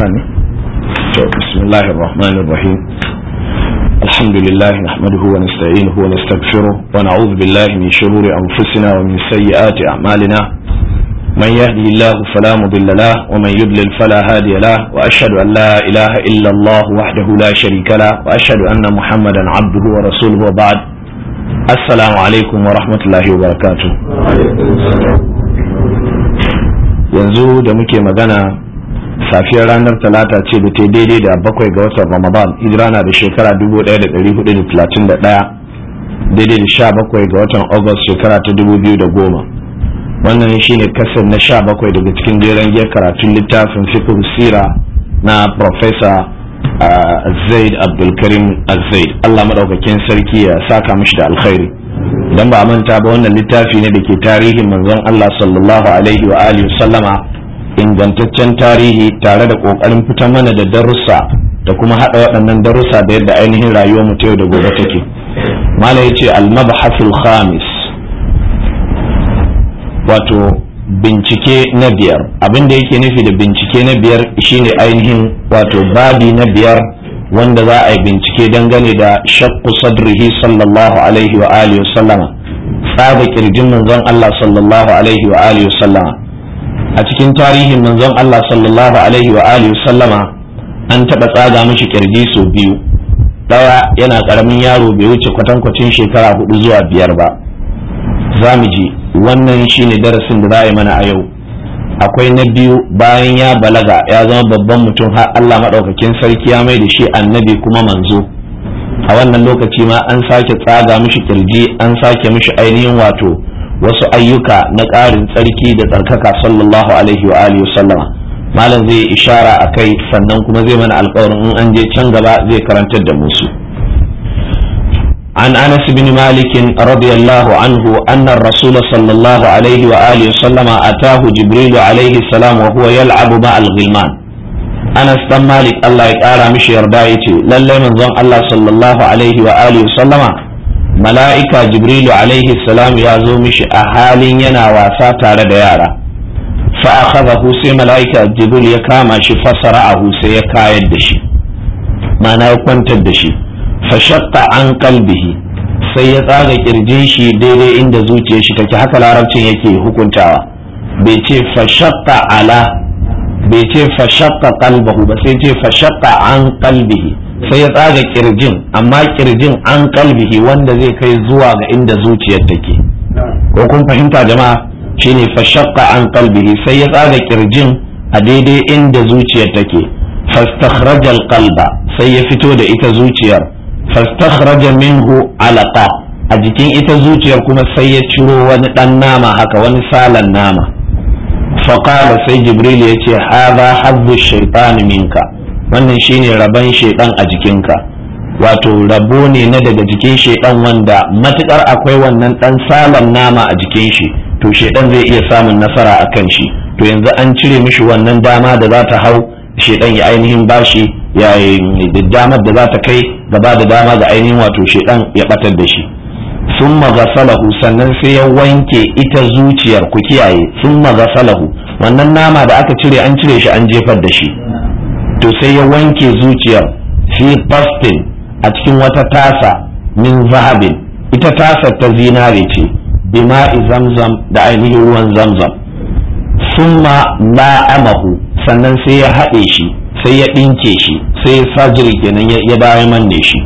kasa ne to bismillahir rahmanir rahim الحمد لله نحمده ونستعينه ونستغفره ونعوذ بالله من شرور أنفسنا ومن سيئات أعمالنا من يهدي الله فلا مضل له ومن يضلل فلا هادي له وأشهد أن لا إله إلا الله وحده لا شريك له وأشهد أن محمدا عبده ورسوله وبعد السلام عليكم ورحمة الله وبركاته ينزو دمك مغنى safiyar ranar talata ce da ta daidai da bakwai ga watan ramadan hijira na da shekara 1431 daidai da sha bakwai ga watan agus shekara ta dubu biyu da goma wannan shine kasar na sha bakwai daga cikin jeren giyar karatun littafin fikin sira na profesa uh, zaid abdulkarim zaid allah maɗaukakin sarki ya saka mishi da alkhairi idan ba a manta ba wannan littafi ne da ke tarihin manzon allah sallallahu alaihi wa alihi sallama ingantaccen tarihi tare da ƙoƙarin fitar mana da darussa da kuma haɗa waɗannan darussa da yadda ainihin rayuwar mu yau da gobe take malam ya ce al-mabhasul khamis wato bincike na biyar abin da yake nufi da bincike na biyar shine ainihin wato babi na biyar wanda za a yi bincike dangane da shakku sadrihi sallallahu alaihi wa alihi sallama tsaba kirjin manzon Allah sallallahu alaihi wa alihi sallama a cikin tarihin manzon Allah sallallahu alaihi wa alihi sallama an taɓa tsaga mishi kirji sau biyu ɗaya yana ƙaramin yaro bai wuce kwatankwacin shekara hudu zuwa biyar ba za mu ji wannan shine darasin da za a yi mana a yau akwai na biyu bayan ya balaga ya zama babban mutum har Allah maɗaukakin sarki ya mai da shi annabi kuma manzo a wannan lokaci ma an sake tsaga mishi kirji an sake mishi ainihin wato wasu ayyuka na ƙarin tsarki da tsarkaka sallallahu alaihi wa alihi sallama malam zai ishara a kai sannan kuma zai mana alƙawarin in an je can gaba zai karantar da musu عن أنس بن مالك رضي الله عنه أن الرسول صلى الله عليه وآله وسلم أتاه جبريل عليه السلام وهو يلعب مع الغلمان أنس بن مالك الله يقارى مش يرضى لن الله صلى الله عليه وآله وسلم mala'ika jibrilu alaihi salam ya zo mishi a halin yana wasa tare da yara fa akhadahu sai mala'ika jibril ya kama shi fasara a sai ya kayar da shi ma'ana ya kwantar da shi fa shaqqa an qalbihi sai ya tsaga kirjin shi daidai inda zuciyar shi take haka larabcin yake hukuntawa bai ce fa ala bai ce fa shaqqa ba sai ce fa an qalbihi sai ya tsaga kirjin amma kirjin an kalbihi wanda zai kai zuwa ga inda zuciyar take ko kun fahimta jama'a shine fashaqqa an kalbihi sai ya tsaga kirjin a daidai inda zuciyar take fastakhrajal qalba sai ya fito da ita zuciyar fastakhraja minhu alaqa a jikin ita zuciyar kuma sai ya ciro wani dan nama haka wani salan nama faqala sai jibril ya ce hadha hadhu shaytan minka wannan shine rabon shedan a jikinka wato rabo ne na daga jikin shedan wanda matukar akwai wannan dan salon nama a jikin shi to shedan zai iya samun nasara akan shi to yanzu an cire mishi wannan dama da za ta hau shedan ya ainihin bashi da damar da za ta kai gaba da dama ga ainihin wato shedan ya batar da shi sun salahu sannan sai ya wanke ita zuciyar ku kiyaye sun salahu wannan nama da aka cire an cire shi an jefar da shi to sai ya wanke zuciyar fi fastin a cikin wata tasa min zahabin ita tasa ta zinare ce bima'i zamzam da ainihin ruwan zamzam summa la'amahu sannan sai ya haɗe shi sai ya ɗinke shi sai ya sajiri kenan ya bayan manne shi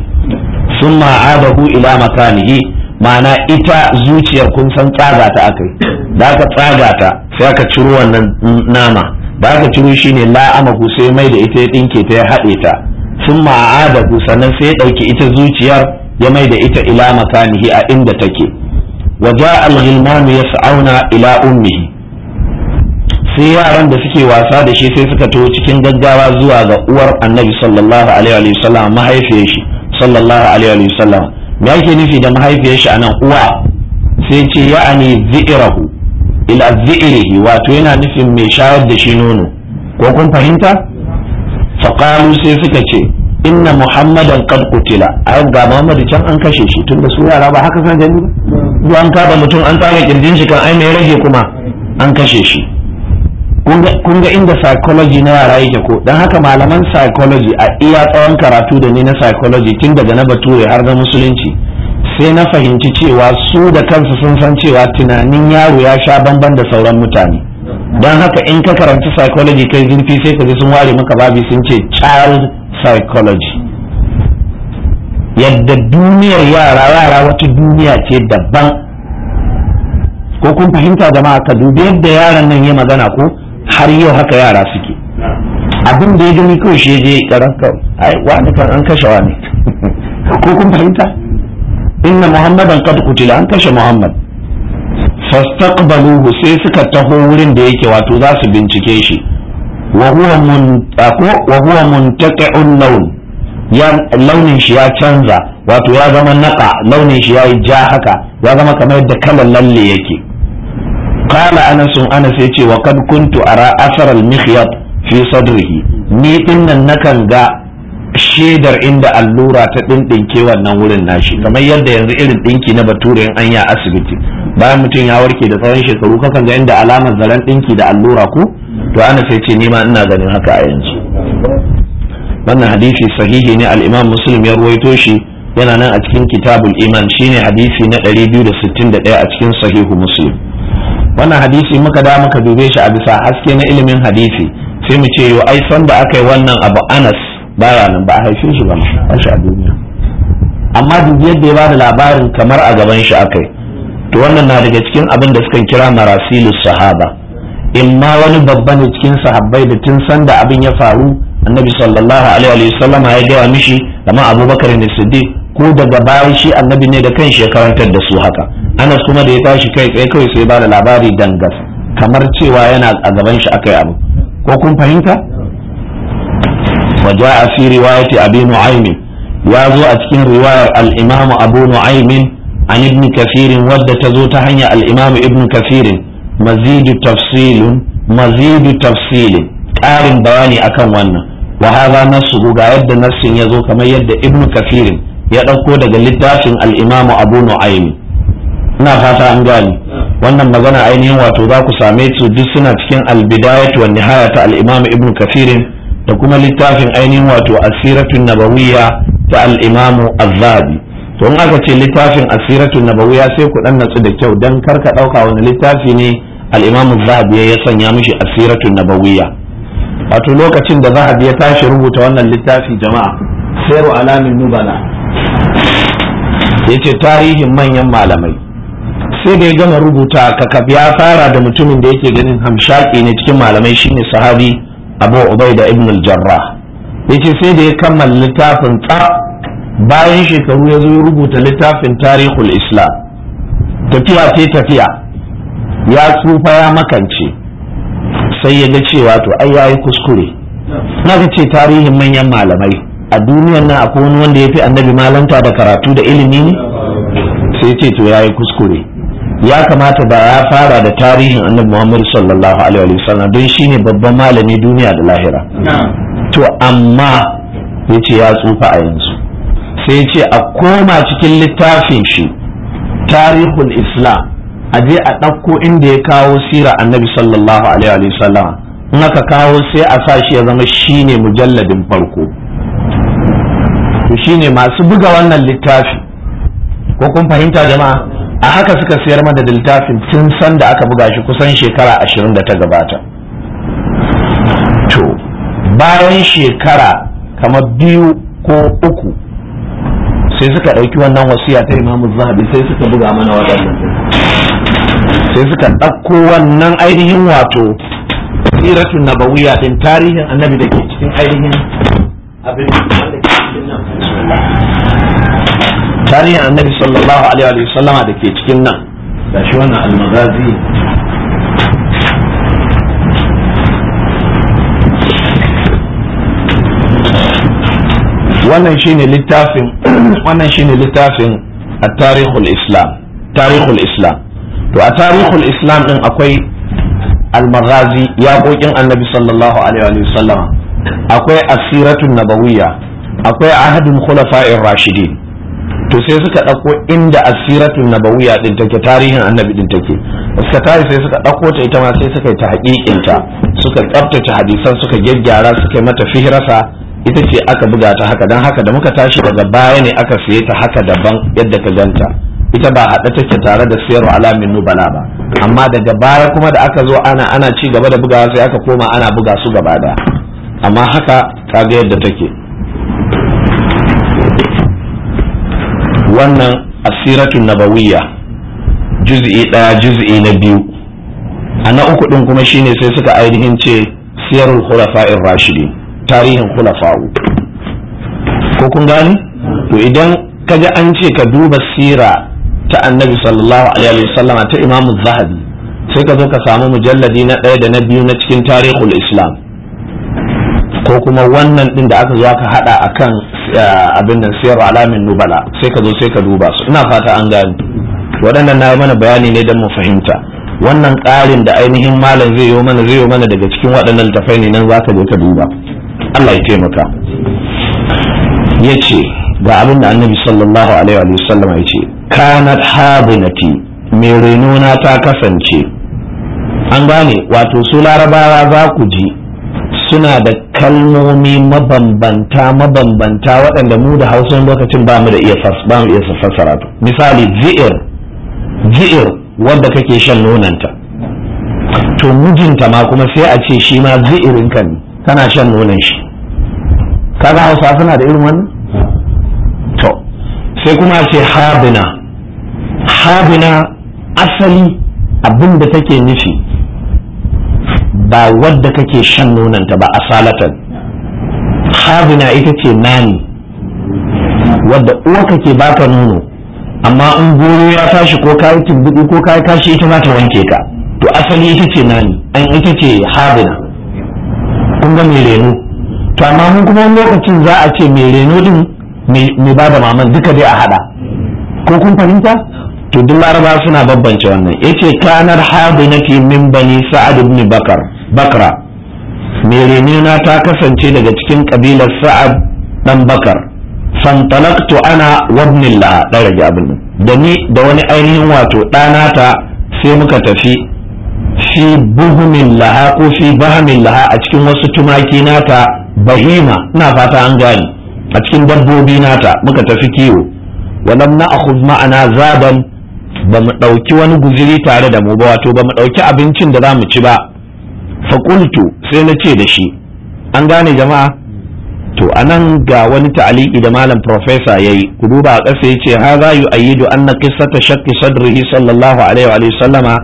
summa adahu ila makanihi ma'ana ita zuciyar kun san tsaga ta akai da aka tsaga ta sai aka ciro wannan nama ba ka ciro shi ne la ku sai mai da ita ya dinke ta ya haɗe ta sun ma'ada ku sannan sai ya ɗauki ita zuciyar ya mai da ita ila makanihi a inda take wa ja'a ya ghilmanu yas'auna ila ummihi sai yaran da suke wasa da shi sai suka taho cikin gaggawa zuwa ga uwar annabi sallallahu alaihi wa sallam mahaifiyar shi sallallahu alaihi wa sallam me yake nufi da mahaifiyar shi anan uwa sai ce ya'ani zi'irahu ila zi'irihi wato yana nufin mai shayar da shi nono ko kun fahimta faqalu sai suka ce inna muhammadan qad qutila ai ga muhammadu can an kashe shi tun da su yara ba haka san gani an kaba mutum an tsaga kirjin shi kan ai mai rage kuma an kashe shi kun ga inda psychology na yara yake ko dan haka malaman psychology a iya tsawon karatu da ni na psychology tun daga na bature har na musulunci sai na fahimci cewa su da kansu sun san cewa tunanin yaro ya sha bamban da sauran mutane don haka in ka karanci psychology kai zurfi sai ka ji sun ware maka babi sun ce child psychology yadda duniyar yara yara wata duniya ce daban ko kun fahimta jama'a ka dubi yadda yaran nan ya magana ko har yau haka yara suke abin da ya gani kawai shi ya je karan ai wani kan an kashe wani ko kun fahimta inna muhammadan qad an kashe muhammad fastaqbaluhu sai suka taho wurin da yake wato za su bincike shi wa huwa muntaqi'un laun launin shi ya canza wato ya zama naƙa launin shi ya yi ja haka ya zama kamar yadda kalan lalle yake qala anas anas yace wa kad kuntu ara asar al mikhyat fi sadrihi ni dinnan nakan ga shedar inda allura ta ɗinɗinke wannan wurin nashi kamar yadda yanzu irin ɗinki na bature in an ya asibiti bayan mutum ya warke da tsawon shekaru kakan ga inda alamar zaren ɗinki da allura ko to ana sai ce nima ina ganin haka a yanzu wannan hadisi sahihi ne al-imam muslim ya ruwaito shi yana nan a cikin kitabul iman shine hadisi na 261 a cikin sahihu muslim wannan hadisi muka da muka dube shi a bisa haske na ilimin hadisi sai mu ce yo ai san da aka yi wannan abu anas baya nan ba a haife shi ba ba shi a duniya amma duk yadda ya ba da labarin kamar a gaban shi akai to wannan na daga cikin abin da suka kira marasilus sahaba in ma wani babba ne cikin sahabbai da tun sanda abin ya faru annabi sallallahu alaihi wasallama ya gaya mishi kama abubakar ne siddiq ko daga baya shi annabi ne da kan shi ya karantar da su haka anas kuma da ya tashi kai tsaye kawai sai ba da labari dangas kamar cewa yana a gaban shi akai abu ko kun fahimta وجاء في رواية أبي نعيم يازو أتكين رواية الإمام أبو نعيم عن ابن كثير ود تزو تهني الإمام ابن كثير مزيد تفصيل مزيد تفصيل قارن بواني أكم وانا وهذا نصه قاعد نص يزو كما يد ابن كثير يدقو دقل للتافن الإمام أبو نعيم ina fata an gane wannan magana ainihin wato za ku same su duk suna cikin albidayat wa nihaya ta al-Imam Ibn Kathir da kuma littafin ainihin wato asiratun nabawiyya ta al-imamu to in aka ce littafin asiratun nabawiyya sai ku ɗan natsu da kyau dan karka ɗauka wani littafi ne al zahabi ya sanya mishi asiratun nabawiyya wato lokacin da zahabi ya tashi rubuta wannan littafi jama'a sayru alamin nubala yace tarihin manyan malamai sai da ya gama rubuta kakab ya fara da mutumin da yake ganin hamshaki ne cikin malamai shine sahabi abu ubaida ibn al-jarrah yace sai da ya kammala littafin tsaf bayan shekaru ya zo rubuta littafin tarihul islam tafiya ce tafiya ya tsufa ya makance sai ya ga cewa to ai yayi kuskure na ga ce tarihin manyan malamai a duniyar nan akwai wani wanda ya fi annabi malanta da karatu da ilimi ne sai ce to yayi kuskure ya kamata ba ya fara da tarihin annabi Muhammad sallallahu alaihi wa sallam don shine babban malami duniya da lahira to amma yace ya tsufa a yanzu sai yace a koma cikin littafin shi tarihul islam a je a ɗauko inda ya kawo sira annabi sallallahu alaihi sallam in aka kawo sai a sa shi ya zama shine mujalladin farko to shine masu buga wannan littafi ko kun fahimta jama'a a haka suka sayar mana da littafin tun da aka buga shi kusan shekara ashirin da ta gabata to bayan shekara kamar biyu ko uku sai suka ɗauki wannan wasiya ta imamu zahabi sai suka buga mana waɗannan sai suka ɗauko wannan ainihin wato siratun nabawiya din tarihin annabi da ke cikin ainihin abin da ke cikin nan tarihin annabi sallallahu alaihi wa sallama da ke cikin nan gashi wannan almagazi wannan shine littafin wannan shine littafin a tarihul islam tarihul islam to a tarihul islam din akwai almagazi yaƙoƙin annabi sallallahu alaihi wa sallama akwai asiratun nabawiyya akwai ahadin khulafa'ir rashidin to sai suka ɗauko inda asiratun nabawiya din take tarihin annabi din take suka tare sai suka ɗauko ta ita ma sai suka yi ta haƙiƙinta suka tsaftace hadisan suka gyaggyara suka yi mata fihirasa ita ce aka buga ta haka don haka da muka tashi daga baya ne aka siye ta haka daban yadda ka ganta ita ba haɗa take tare da sayarwa alamin nubala ba amma daga baya kuma da aka zo ana ana ci gaba da bugawa sai aka koma ana buga su gaba da amma haka kaga yadda take wannan asiratu nabawiyya juz'i ɗaya juz'i na biyu a na uku ɗin kuma shine sai suka ainihin ce siyarul khulafa'ir rashidi tarihin khulafa'u ko kun gani to idan kaga an ce ka duba sira ta annabi sallallahu alaihi wasallama ta imamu zahabi sai ka zo ka samu mujalladi na ɗaya da na biyu na cikin tarihul islam ko kuma wannan din da aka zo aka hada akan eh, abin nan siyar alamin nubala sai ka zo sai ka duba su ina fata an gani waɗannan na mana bayani ne don mu fahimta wannan ƙarin da ainihin malam zai yi mana zai yi mana daga cikin waɗannan tafai ne nan za ka je ka duba Allah ya taimaka ya ce ga abin da annabi sallallahu alaihi wa sallam ya ce kanat habinati mai renona ta kasance an gane wato su larabawa za ku ji suna da kalmomi mabambanta mabambanta waɗanda mu da hausa lokacin ba mu da iya fassara to misali zi'ir zi'ir wanda kake shan nonanta to mijinta ma kuma sai a ce shi ma zi'irin ka ne kana shan nonan shi kaga hausa suna da irin wannan to sai kuma ce habina habina asali abin da take nufi ba wadda kake shan nonanta ba asalatan hazina ita ce nani wadda uwarka ke baka nono amma in goro ya tashi ko kayi tumbuɗi ko kayi kashi ita ma ta wanke ka to asali ita ce nani an ita ce hazina kun ga mai reno to amma mun kuma wani lokacin za a ce mai reno din mai ba da maman duka dai a hada ko kun fahimta to duk laraba suna babbance wannan yace kanar hadinati min bani sa'ad ibn bakar bakra mai renena ta kasance daga cikin kabilar sa'ad dan bakar fantalaktu ana wabnillah ɗan abin da ni da wani ainihin wato ɗana ta sai muka tafi fi buhumin laha ko fi bahamin laha a cikin wasu tumaki nata bahima ina fata an gani a cikin dabbobi nata muka tafi kiwo walam na akhuz ma'ana zaban ba mu ɗauki wani guziri tare da mu ba wato ba mu ɗauki abincin da za mu ci ba faƙultu sai na ce da shi an gane jama'a to anan ga wani ta'aliki da malam profesa ya yi ku duba a ƙasa ya ce ha za an na anna qissata shakki sadrihi sallallahu alaihi wa sallama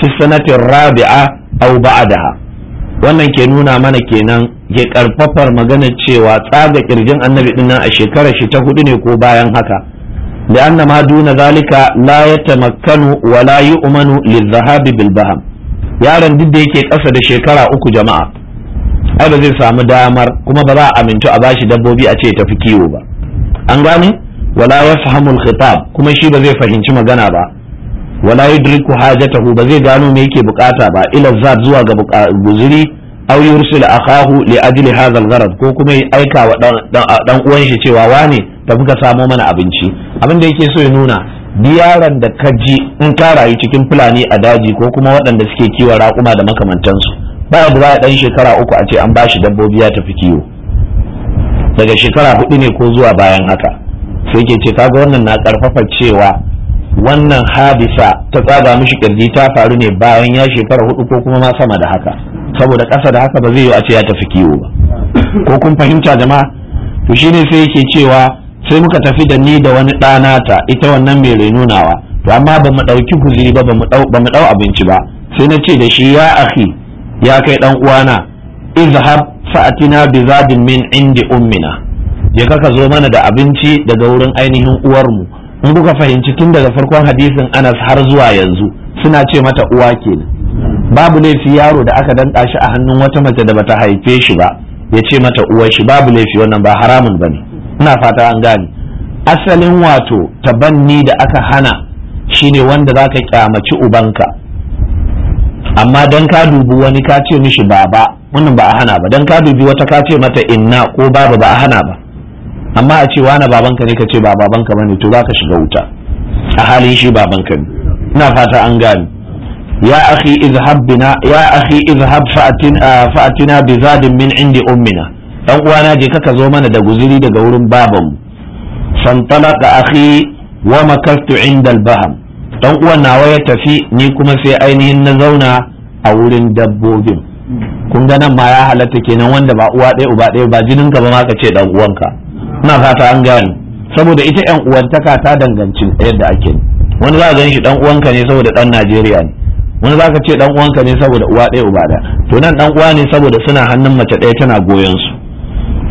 fi sanatin rabi'a aw ba'daha wannan ke nuna mana kenan ya ƙarfafar magana cewa tsaga kirjin annabi dinnan a shekarar shi ta hudu ne ko bayan haka لأن ما دون ذلك لا يتمكن ولا يؤمن للذهاب بالبهم yaron duk da yake ƙasa da shekara uku jama'a ai ba zai samu damar kuma ba za a amintu a ba shi dabbobi a ce tafi kiwo ba an gane wala yafhamul khitab kuma shi ba zai fahimci magana ba wala yudriku hajatahu ba zai gano me yake bukata ba ila zat zuwa ga guzuri aw yursila akahu li ajli hadha al ko kuma ya aika wa dan uwan shi cewa wane tafi ka samo mana abinci abin da yake so ya nuna yaron da ka ji in ka rayu cikin fulani a daji ko kuma waɗanda suke kiwon raƙuma da makamantansu ba da za a ɗan shekara uku a ce an ba shi dabbobi ya tafi kiwo daga shekara hudu ne ko zuwa bayan haka sai ke ce kaga wannan na ƙarfafa cewa wannan hadisa ta tsaga mishi ƙirji ta faru ne bayan ya shekara hudu ko kuma ma sama da haka saboda ƙasa da haka ba zai yi a ce ya tafi kiwo ba ko kun fahimta jama'a to shine sai yake cewa sai muka tafi da ni da wani ɗana ta ita wannan mai renunawa to amma ba mu ɗauki guziri ba ba mu ɗau abinci ba sai na ce da shi ya akhi ya kai ɗan uwana izhab fa'atina bi zadin min indi ummina ya kaka zo mana da abinci daga wurin ainihin uwarmu in kuka fahimci tun daga farkon hadisin Anas har zuwa yanzu suna ce mata uwa kenan babu laifi yaro da aka danɗa shi a hannun wata mace da bata haife shi ba ya ce mata uwar shi babu laifi wannan ba haramun bane ina fata an gane asalin wato tabanni da aka hana shine wanda za ka kyamaci ubanka amma dan ka dubi wani ka ce mishi baba wannan ba a hana ba dan ka dubi wata ka ce mata inna ko baba ba a hana ba amma a ce wani babanka ne ka ce ba babanka bane to za ka shiga wuta a halin shi babanka ne ina fata an gane ya akhi izhab bina ya akhi izhab fa'atina fa'atina bi zadin min indi ummina dan uwana je kaka zo mana da guzuri daga wurin babanmu fantalaka akhi wa makartu inda baham dan uwan nawa ya tafi ni kuma sai ainihin na zauna a wurin dabbobin kun ga nan ma ya halatta kenan wanda ba uwa ɗaya uba ɗaya ba jinin ka ba ma ka ce dan uwanka ina fata an gane saboda ita ɗan uwantaka ta danganci yadda ake wani za ka shi dan uwanka ne saboda dan Najeriya ne wani za ka ce dan uwanka ne saboda uwa ɗaya uba ɗaya to nan dan uwa ne saboda suna hannun mace ɗaya tana goyon su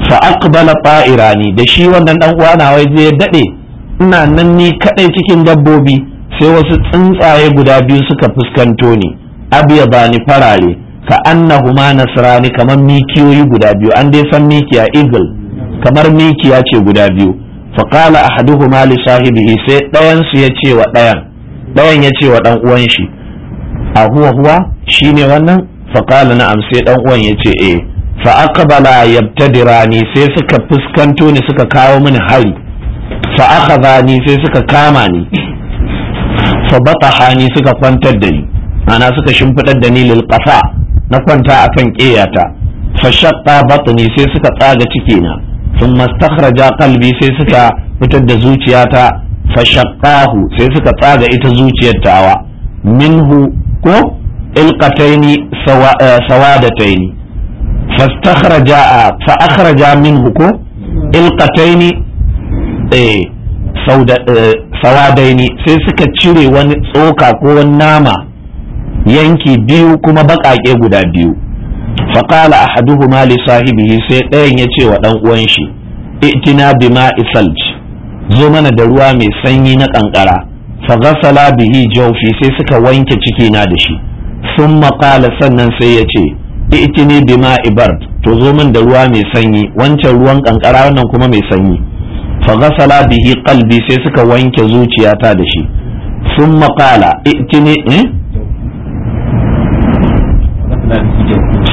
fa aqbala ta'irani da shi wannan dan uwa na wai zai dade ina nan ni kadai cikin dabbobi sai wasu tsuntsaye guda biyu suka fuskanto ni abyadani farare ka annahuma nasrani kamar mikiyoyi guda biyu an dai san mikiya eagle kamar mikiya ce guda biyu fa qala ahaduhuma li sahibihi sai dayan su yace wa dayan dayan yace wa dan uwan shi a huwa huwa shine wannan fa qala na'am sai dan uwan yace eh fa aqbala yabtadirani sai suka fuskanto ni suka kawo mini hari fa akhadhani sai suka kama ni fa batahani suka kwantar da ni ana suka shimfidar da ni lil na kwanta akan kiyata fa bata batni sai suka tsaga cikina sun mastakhraja kalbi sai suka fitar da zuciyata fa shaqqahu sai suka tsaga ita zuciyar tawa minhu ko ilqataini eh, ni. fastakhraja fa akhraja minhu ko ilqataini eh sauda sawadaini sai suka cire wani tsoka ko wani nama yanki biyu kuma baƙaƙe guda biyu faƙala ahaduhuma li sahibihi sai ɗayan ya ce wa ɗan uwan shi itina bima isalj zo mana da ruwa mai sanyi na ƙanƙara faghasala bihi jawfi sai suka wanke ciki na da shi sun maƙala sannan sai ya ce i'tini bima ibar to zo min da ruwa mai sanyi wancan ruwan kankara wannan kuma mai sanyi fa ghasala bihi qalbi sai suka wanke zuciyata da shi summa qala i'tini eh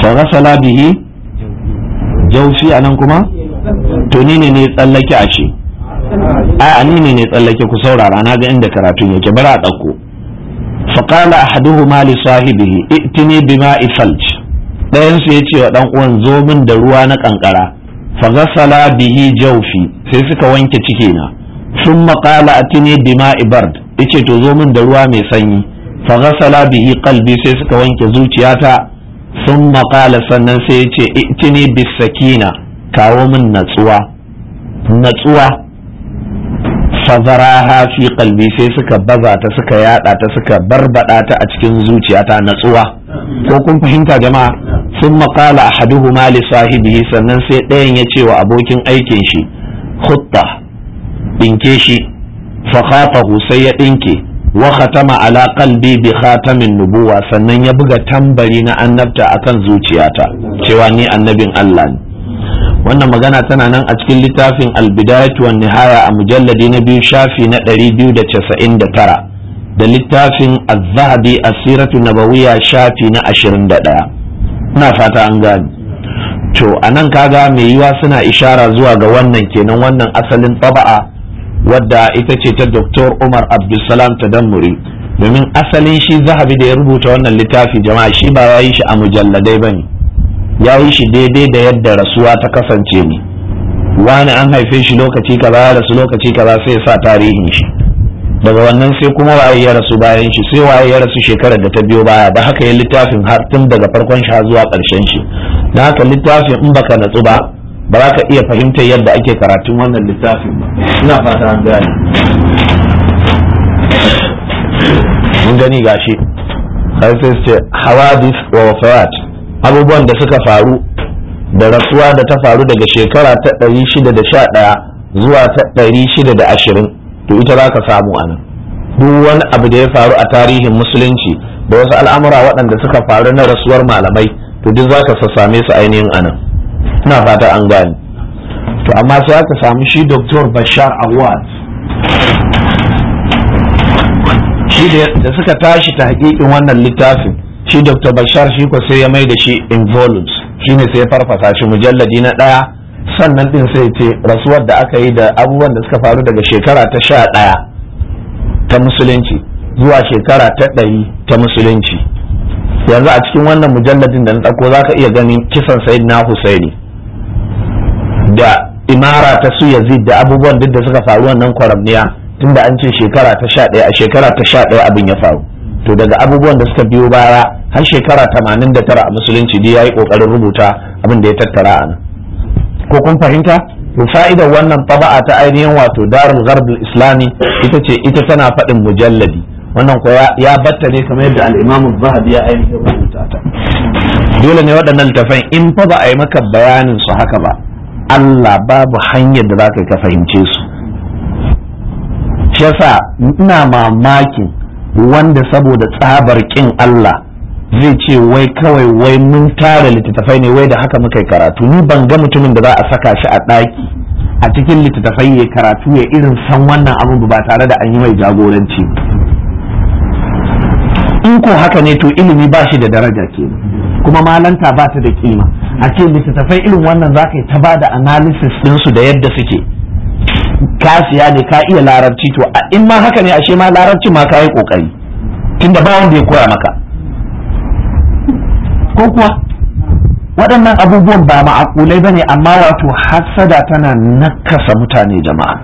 fa ghasala bihi jawfi anan kuma to ni ne ne tsallake a shi a ni ne ne tsallake ku saurara na ga inda karatun yake bari a dauko fa qala ahaduhuma li sahibihi i'tini bima ifalj ɗayan su ya ce wa ɗan uwan zo min da ruwa na ƙanƙara fa gasala bihi jawfi sai suka wanke cikina maƙala a atini bima'i bard yace to zo min da ruwa mai sanyi fa gasala bihi kalbi sai suka wanke zuciyata sun maƙala sannan sai yace itini bisakina kawo min natsuwa natsuwa fazaraha fi kalbi sai suka baza ta suka yada ta suka barbada ta a cikin zuciyata natsuwa ko kun fahimta jama'a sun maƙala a haduhu mali sannan sai ɗayan ya ce wa abokin aikin shi hutta ɗinke shi fakhatahu sai ya ɗinke wa khatama ala qalbi bi khatamin nubuwa sannan ya buga tambari na annabta akan zuciyata cewa ni annabin Allah ne wannan magana tana nan a cikin littafin albidayatu wan nihaya a mujalladi na biyu shafi na 299 da littafin az-zahabi as-siratu nabawiyya shafi na 21 na fata an gani to a nan kaga mai yiwa suna ishara zuwa ga wannan kenan wannan asalin taba'a wadda ita ce ta Dr. Umar Abdulsalam ta danmuri domin asalin shi zahabi da ya rubuta wannan littafi jama'a shi ba ya yi shi a mujalladai ba ne. ya yi shi daidai da yadda rasuwa ta kasance ne wani an haife shi lokaci kaza ya rasu lokaci kaza sai ya sa tarihin shi daga wannan sai kuma waye ya rasu bayan shi sai waye ya rasu shekarar da ta biyo baya da haka ya littafin har tun daga farkon shi zuwa ƙarshen shi da haka littafin in baka natsu ba ba za ka iya fahimtar yadda ake karatun wannan littafin ba ina fata an gane mun gani gashi sai sai ce hawadis wa wafawat abubuwan da suka faru da rasuwa da ta faru daga shekara ta 611 zuwa ta 620 to ita za ka samu a nan duk wani abu da ya faru a tarihin musulunci da wasu al'amura waɗanda suka faru na rasuwar malamai to duk za ka same su ainihin a nan ina fata an gane to amma sai aka samu shi Dr. Bashar Awad shi da suka tashi ta hakikin wannan littafin shi Dr. Bashar shi ko sai ya mai da shi involves shi ne sai ya farfasa shi mujalladi na ɗaya sannan din sai ce rasuwar da aka yi da abubuwan da suka faru daga shekara ta sha ɗaya ta musulunci zuwa shekara ta ɗari ta musulunci yanzu a cikin wannan mujalladin da na ɗauko za ka iya ganin kisan na husaini da imara ta su yazid da abubuwan duk da suka faru wannan kwaramniya da an ce shekara ta sha ɗaya a shekara ta sha ɗaya abin ya faru to daga abubuwan da suka biyo baya har shekara tamanin da tara a musulunci ya yi ƙoƙarin rubuta abin da ya tattara a nan ko kun fahimta to fa'idar wannan taba'a ta ainihin wato darul gharb islami ita ce ita tana faɗin mujalladi wannan ko ya batta ne kamar yadda al-imam zahabi ya ainihin rubuta ta dole ne waɗannan littafan in fa ba a yi maka bayanin su haka ba Allah babu hanyar da za ka ka fahimce su shi yasa ina mamakin wanda saboda tsabar kin Allah zai ce wai kawai wai mun tara littattafai ne wai da haka muka yi karatu ni ban ga mutumin da za a saka shi a ɗaki a cikin littattafai ya karatu ya irin san wannan abin ba tare da an yi mai jagoranci ba. in ko haka ne to ilimi ba shi da daraja ke kuma malanta ba ta da kima a ce littattafai irin wannan za ka yi ta ba da analysis ɗinsu da yadda suke kasiya ne ka iya larabci to in ma haka ne ashe ma larabci ma ka yi kokari tunda ba wanda ya koya maka ko kuwa waɗannan abubuwan ba ma'akulai ne amma wato hassada tana nakasa mutane jama'a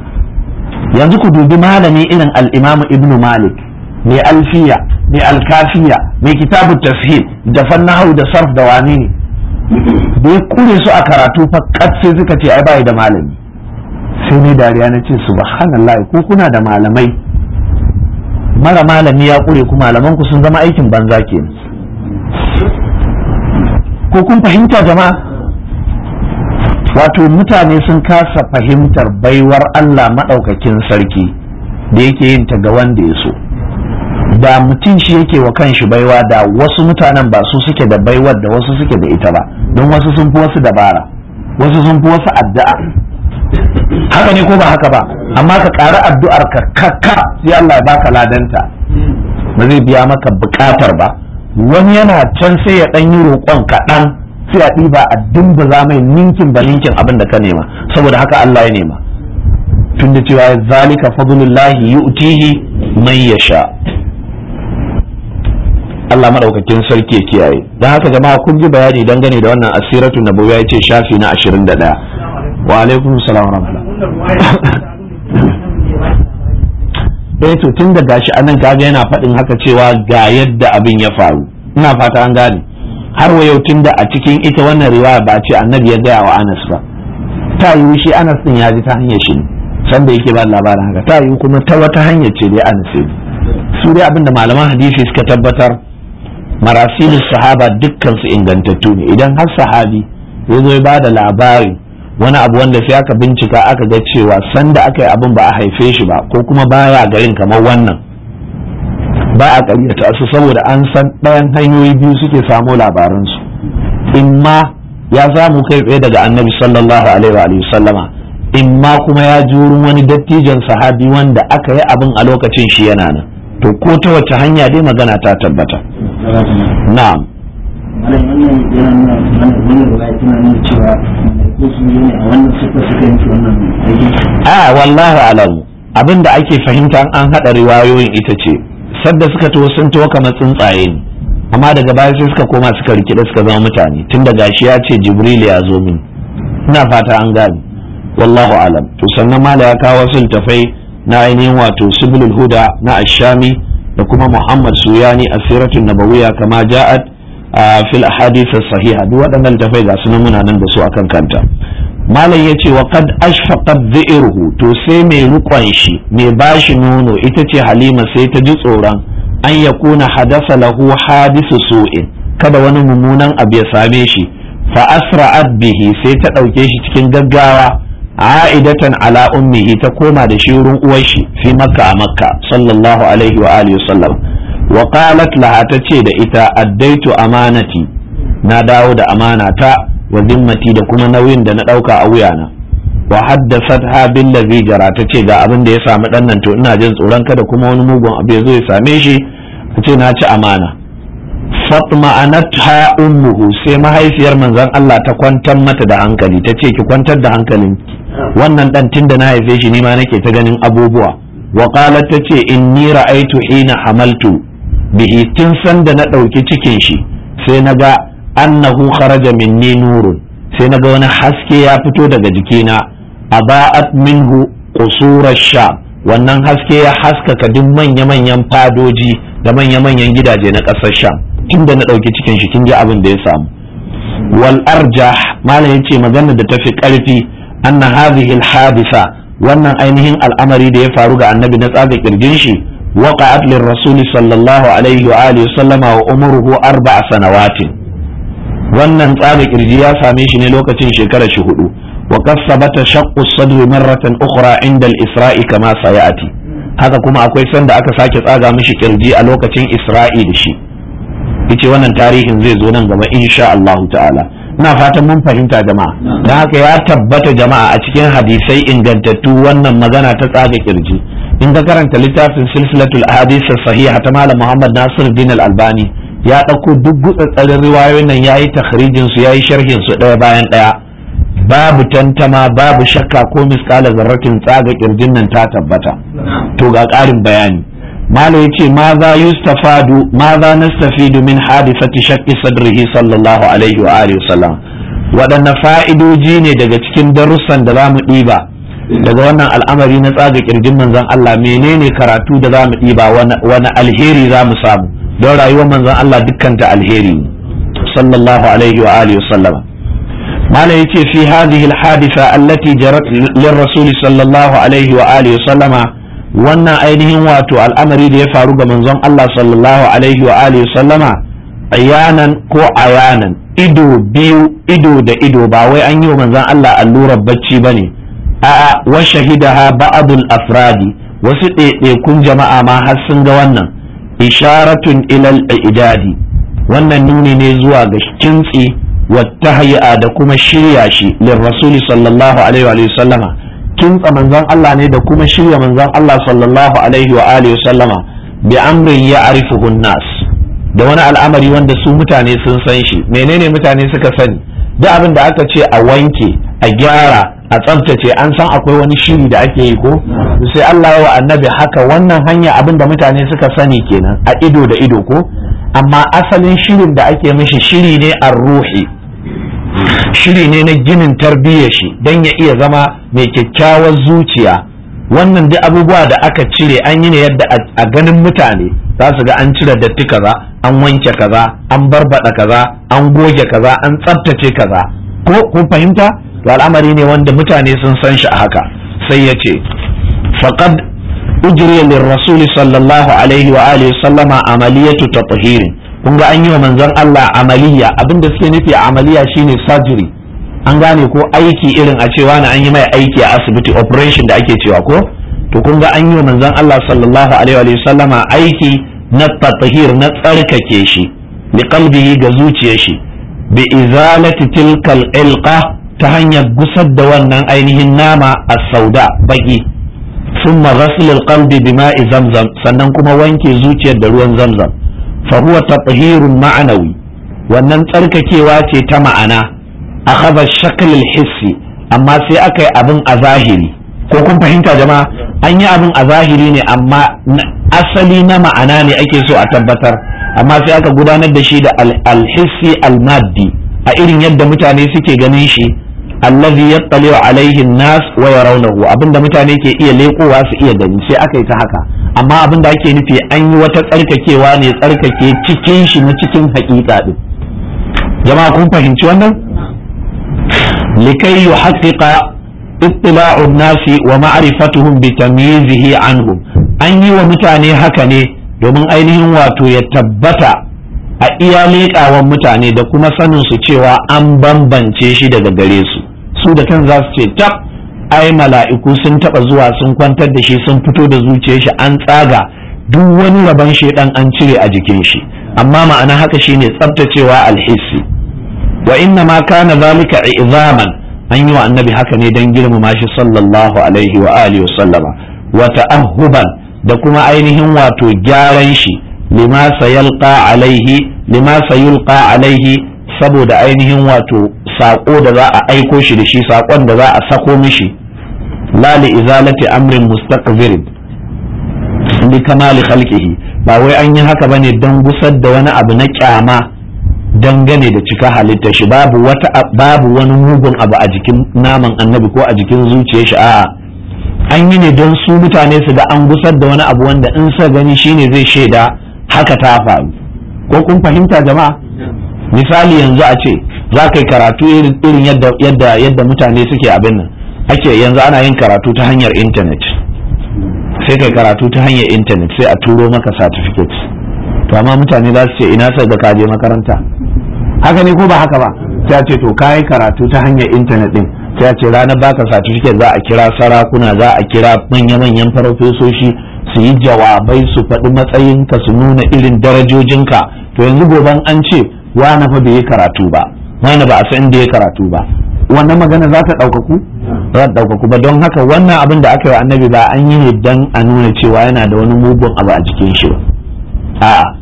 yanzu ku dubi malami irin al'imamu ibnu malik mai alfiya mai alkafiya mai kitabu tafhim da fannahu da sarf da wani ne bai kure su a karatu fa sai suka ce ai bai da malami sai ne dariya na ce subhanallah ko kuna da malamai mara malami ya kure ku malaman ku sun zama aikin banza kenan ko kun fahimta jama'a wato mutane sun kasa fahimtar baiwar Allah maɗaukakin sarki da yake yin ta ga wanda ya so da mutum shi yake wa kanshi baiwa da wasu mutanen ba su suke da baiwar da wasu suke da ita ba don wasu sun fi wasu dabara wasu sun fi wasu addu'a haka ne ko ba haka ba amma ka ƙara addu'ar ka kakka sai Allah ya baka ladanta ba zai biya maka bukatar ba wani yana can sai ya ɗan yi roƙon kaɗan sai a ɗiba a dimbaza mai ninkin ba ninkin abin da ka nema saboda haka Allah ya nema tunda cewa zalika fadlullahi yu'tihi man yasha Allah madaukakin sarki ya kiyaye dan haka jama'a kun ji bayani dangane da wannan asiratu nabawi ya ce shafi na 21 wa alaikum salam wa eh to tun da gashi anan kaga yana faɗin haka cewa ga yadda abin ya faru ina fata an gane har wa tun da a cikin ita wannan riwaya ba ce annabi ya gaya wa Anas ba ta yi shi Anas din ya ji ta hanyar shi ne sanda yake ba labarin haka ta yi kuma ta wata hanyar ce dai Anas ne. su dai abinda malaman hadisi suka tabbatar marasilin sahaba dukkan su ingantattu ne idan har sahabi ya zo ba da labari wani abu wanda sai aka bincika aka ga cewa sanda aka yi abin ba a haife shi ba ko kuma baya garin kamar wannan ba a ƙaryata su saboda an san ɗayan hanyoyi biyu suke samu labaransu in ma ya samu kai tsaye daga annabi sallallahu alaihi wa sallama in ma kuma ya ji wurin wani dattijan sahabi wanda aka yi abin a lokacin shi yana nan to ko ta wace hanya dai magana ta tabbata na'am malam wannan yana nuna mana wannan nuna cewa ko sun yi ne a wannan suka suka yi wannan aiki a wallahi alamu abin da ake fahimta an haɗa riwayoyin ita ce sadda suka to sun to kamar tsuntsaye ne amma daga baya sai suka koma suka rikida suka zama mutane tun da gashi ya ce jibril ya zo min ina fata an gane wallahu alam to sannan mala ya kawo sun tafai na ainihin wato sibilul huda na ashami da kuma muhammad suyani asiratun nabawiya kama Ja'ad. fil ahadith sahiha duk waɗannan tafai ga sunan muna nan da su akan kanta malam yace wa qad ashfaqa dhi'ruhu to sai mai rukon shi mai bashi nono ita ce halima sai ta ji tsoron an yakuna hadasa lahu hadisu su'in kada wani mummunan abu ya same shi fa asra'at bihi sai ta ɗauke shi cikin gaggawa a'idatan ala ummihi ta koma da shi wurin uwar shi fi makka a makka sallallahu alaihi wa alihi wa qalat laha ta ce da ita addaitu amanati na dawo da amana ta wa zimmati da kuma nauyin da na dauka a wuya wa haddasat ha billazi jara ta ce ga abin da ya samu dan nan to ina jin tsoron kada kuma wani mugun abu ya zo ya same shi ta ce na ci amana fatma anatha ummuhu sai mahaifiyar manzon Allah ta kwantar mata da hankali ta ce ki kwantar da hankalin wannan dan tunda na haife shi ni ma nake ta ganin abubuwa wa qalat ta ce inni ra'aitu hina hamaltu bihi tun san da na ɗauki cikin shi sai na ga annahu kharaja minni nurun sai na ga wani haske ya fito daga jikina aba'at minhu qusurar sha wannan haske ya haskaka duk manya-manyan fadoji da manya-manyan gidaje na ƙasar sha tun da na ɗauki cikin shi kin ji abin da ya samu wal arjah malam yace magana da tafi ƙarfi anna hadhihi al hadisa wannan ainihin al'amari da ya faru ga annabi na tsaga kirgin shi وقعت للرسول صلى الله عليه وآله وسلم وعمره أربع سنوات wannan tsarin kirji ya same shi ne lokacin shekara shi hudu wa kasabata shaqqu sadri marratan ukhra inda al-isra'i kama sayati haka kuma akwai sanda aka sake tsaga mishi kirji a lokacin isra'i da shi yace wannan tarihin zai zo nan gaba insha Allah ta'ala ina fatan mun fahimta jama'a dan haka ya tabbata jama'a a cikin hadisai ingantattu wannan magana ta tsaga kirji in ka karanta littafin silsilatul ahadith sahiha ta malam muhammad nasir din albani ya ɗauko duk gutsatsarin riwayoyin nan yayi takhrijin su yayi sharhin su ɗaya bayan ɗaya babu tantama babu shakka ko misqala zarratin tsaga kirjin nan ta tabbata to ga karin bayani malam yace ma za yustafadu ma za nastafidu min hadisati shakki sadrihi sallallahu alaihi wa alihi wasallam fa'idoji ne daga cikin darussan da za mu ɗiba daga wannan al'amari na tsaga kirjin manzon Allah menene karatu da zamu ɗiba wani alheri zamu samu don rayuwar manzon Allah ta alheri sallallahu alaihi wa alihi wasallam malam yace fi hadhihi alhadisa allati jarat lirrasul sallallahu alaihi wa alihi wasallama wannan ainihin wato al'amari da ya faru ga manzon Allah sallallahu alaihi wa alihi wasallama ayanan ko ayanan ido biyu ido da ido ba wai an yi wa manzon Allah allurar bacci bane a'a wa shahidaha ba'dul afradi wasu ɗaiɗaikun jama'a ma har sun ga wannan isharatun ilal idadi wannan nuni ne zuwa ga kintsi wattahyi'a da kuma shirya shi lil rasuli sallallahu alaihi wa sallama kintsa manzon Allah ne da kuma shirya manzon Allah sallallahu alaihi wa alihi sallama bi amrin ya'rifuhu nas da wani al'amari wanda su mutane sun san shi menene mutane suka sani duk abin da aka ce a wanke a gyara a tsaftace an san akwai wani shiri da ake yi ko sai Allah wa annabi haka wannan hanya abin da mutane suka sani kenan a ido da ido ko amma asalin shirin da ake mishi shiri ne a ruhi shiri ne na ginin tarbiyyar shi don ya iya zama mai kyakkyawar zuciya wannan duk abubuwa da aka cire an yi ne yadda a ganin mutane za su ga an cire datti kaza an wanke kaza an barbada kaza an goge kaza an tsaftace kaza ko kun fahimta to al'amari ne wanda mutane sun san shi a haka sai ya ce faqad ujriya lirrasul sallallahu alaihi wa alihi sallama amaliyatu tatheer kun ga an yi wa manzon Allah amaliya abinda suke nufi amaliya shine surgery an gane ko aiki irin a cewa na an yi mai aiki a asibiti operation da ake cewa ko to kun ga an yi wa manzon Allah sallallahu alaihi wa sallama aiki na tatahir na tsarkake shi bi qalbihi ga zuciyar shi bi izalati tilkal ilqa ta hanyar gusar da wannan ainihin nama a sauda baki ثم غسل القلب بماء zamzam sannan kuma wanke zuciyar da ruwan zamzam fa huwa tatahirun ma'anawi wannan tsarkakewa ce ta ma'ana a shakl al-hissi amma sai aka yi abin a zahiri ko kun fahimta jama'a an yi abin a zahiri ne amma asali na ma'ana ne ake so a tabbatar amma sai aka gudanar da shi da al almaddi a irin yadda mutane suke ganin shi allazi yattali'u alaihi nas wa yarawnahu abinda mutane ke iya lekowa su iya gani sai aka yi ta haka amma abinda ake nufi an yi wata tsarkakewa ne tsarkake cikin shi na cikin hakika din jama'a kun fahimci wannan likai yuhaqqiqa ittila'un nasi wa ma'rifatuhum bi tamyizihi anhum an yi wa mutane haka ne domin ainihin wato ya tabbata a iya leƙawan mutane da kuma sanin su cewa an bambance shi daga gare su su da kan za su ce tab ai mala'iku sun taɓa zuwa sun kwantar da shi sun fito da zuciyar shi an tsaga duk wani rabon shedan an cire a jikin shi amma ma'ana haka shine tsabtacewa alhissi wa inna ma kana zalika izaman an yi wa annabi haka ne dan girmama shi sallallahu alaihi wa alihi sallama wa ta'ahuban da kuma ainihin wato gyaran shi lima sayalqa alaihi lima sayulqa alaihi saboda ainihin wato sako da za a aiko shi da shi sakon da za a sako mishi la li izalati amrin mustaqbirin li kamali khalqihi ba wai an yi haka bane dan gusar da wani abu na kyama dangane da cika halitta shi babu wata babu wani mugun abu a jikin naman annabi ko a jikin zuciyar shi a'a an yi ne don su mutane su ga an gusar da wani abu wanda in sa gani shine zai shaida haka ta faru ko kun fahimta jama'a misali yanzu a ce za ka yi karatu irin yadda yadda mutane suke abin nan ake yanzu ana yin karatu ta hanyar intanet sai kai karatu ta hanyar intanet sai a turo maka certificate to amma mutane za su ce ina sai da kaje makaranta haka ne ko ba haka ba ta ce to kayi karatu ta hanyar intanet din ta ce ranar baka certificate za a kira sarakuna za a kira manya-manyan farfesoshi su yi jawabai su faɗi matsayinka su nuna irin darajojinka to yanzu gobe an ce wani fa bai yi karatu ba wani ba a san da ya karatu ba wannan magana za ta ɗaukaku za ta ɗaukaku ba don haka wannan abin da aka yi wa annabi ba an yi ne dan a nuna cewa yana da wani mugun abu a jikin shi ba a'a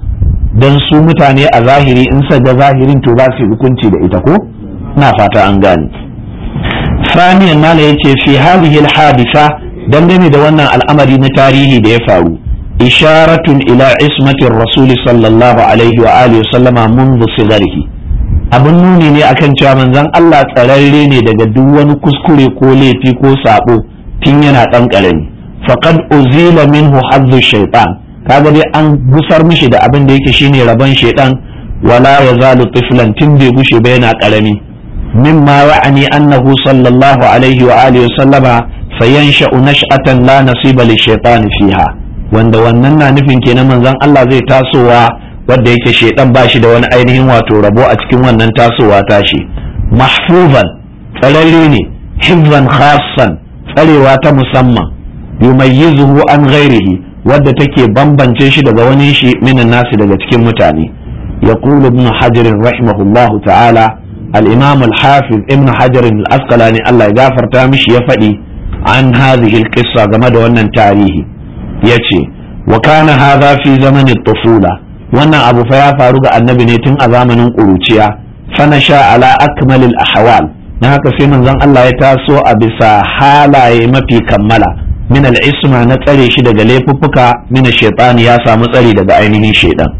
don su mutane a zahiri in saga zahirin to za su hukunci da ita ko na fata an gane saniyan mala ya ce fi hadhihi al-hadisa dangane da wannan al'amari na tarihi da ya faru isharatun ila ismati rasul sallallahu alaihi wa alihi sallama منذ صغره abin nuni ne akan cewa manzon Allah tsararre ne daga duk wani kuskure ko laifi ko sabo tun yana dan karami faqad uzila minhu hadhu shaytan kaga dai an gusar mishi da abin da yake shine rabon shedan wala yazalu tiflan tun bai gushe ba yana karami ma wa'ani annahu sallallahu alaihi wa alihi sallama fayansha'u nash'atan la nasiba li shaytan fiha wanda wannan na nufin kenan manzon Allah zai tasowa wanda yake shedan shi da wani ainihin wato rabo a cikin wannan tasowa ta shi. mahfuzan tsararre ne hifzan khassan tsarewa ta musamman yumayyizuhu an ghairihi wadda take bambance shi daga wani shi minan nasi daga cikin mutane ya ibn hajar rahimahullahu ta'ala al-imam al-hafiz ibn hajar al-asqalani Allah ya gafarta mishi ya faɗi an hadhihi al game da wannan tarihi yace wa kana hadha fi zaman at-tufula wannan abu fa ya faru ga annabi ne tun a zamanin ƙuruciya fa nasha ala akmal al-ahwal na haka sai manzon Allah ya taso a bisa halaye mafi kammala min al'isma na tsare shi daga laifuffuka min shaitan ya samu tsari daga ainihin shaitan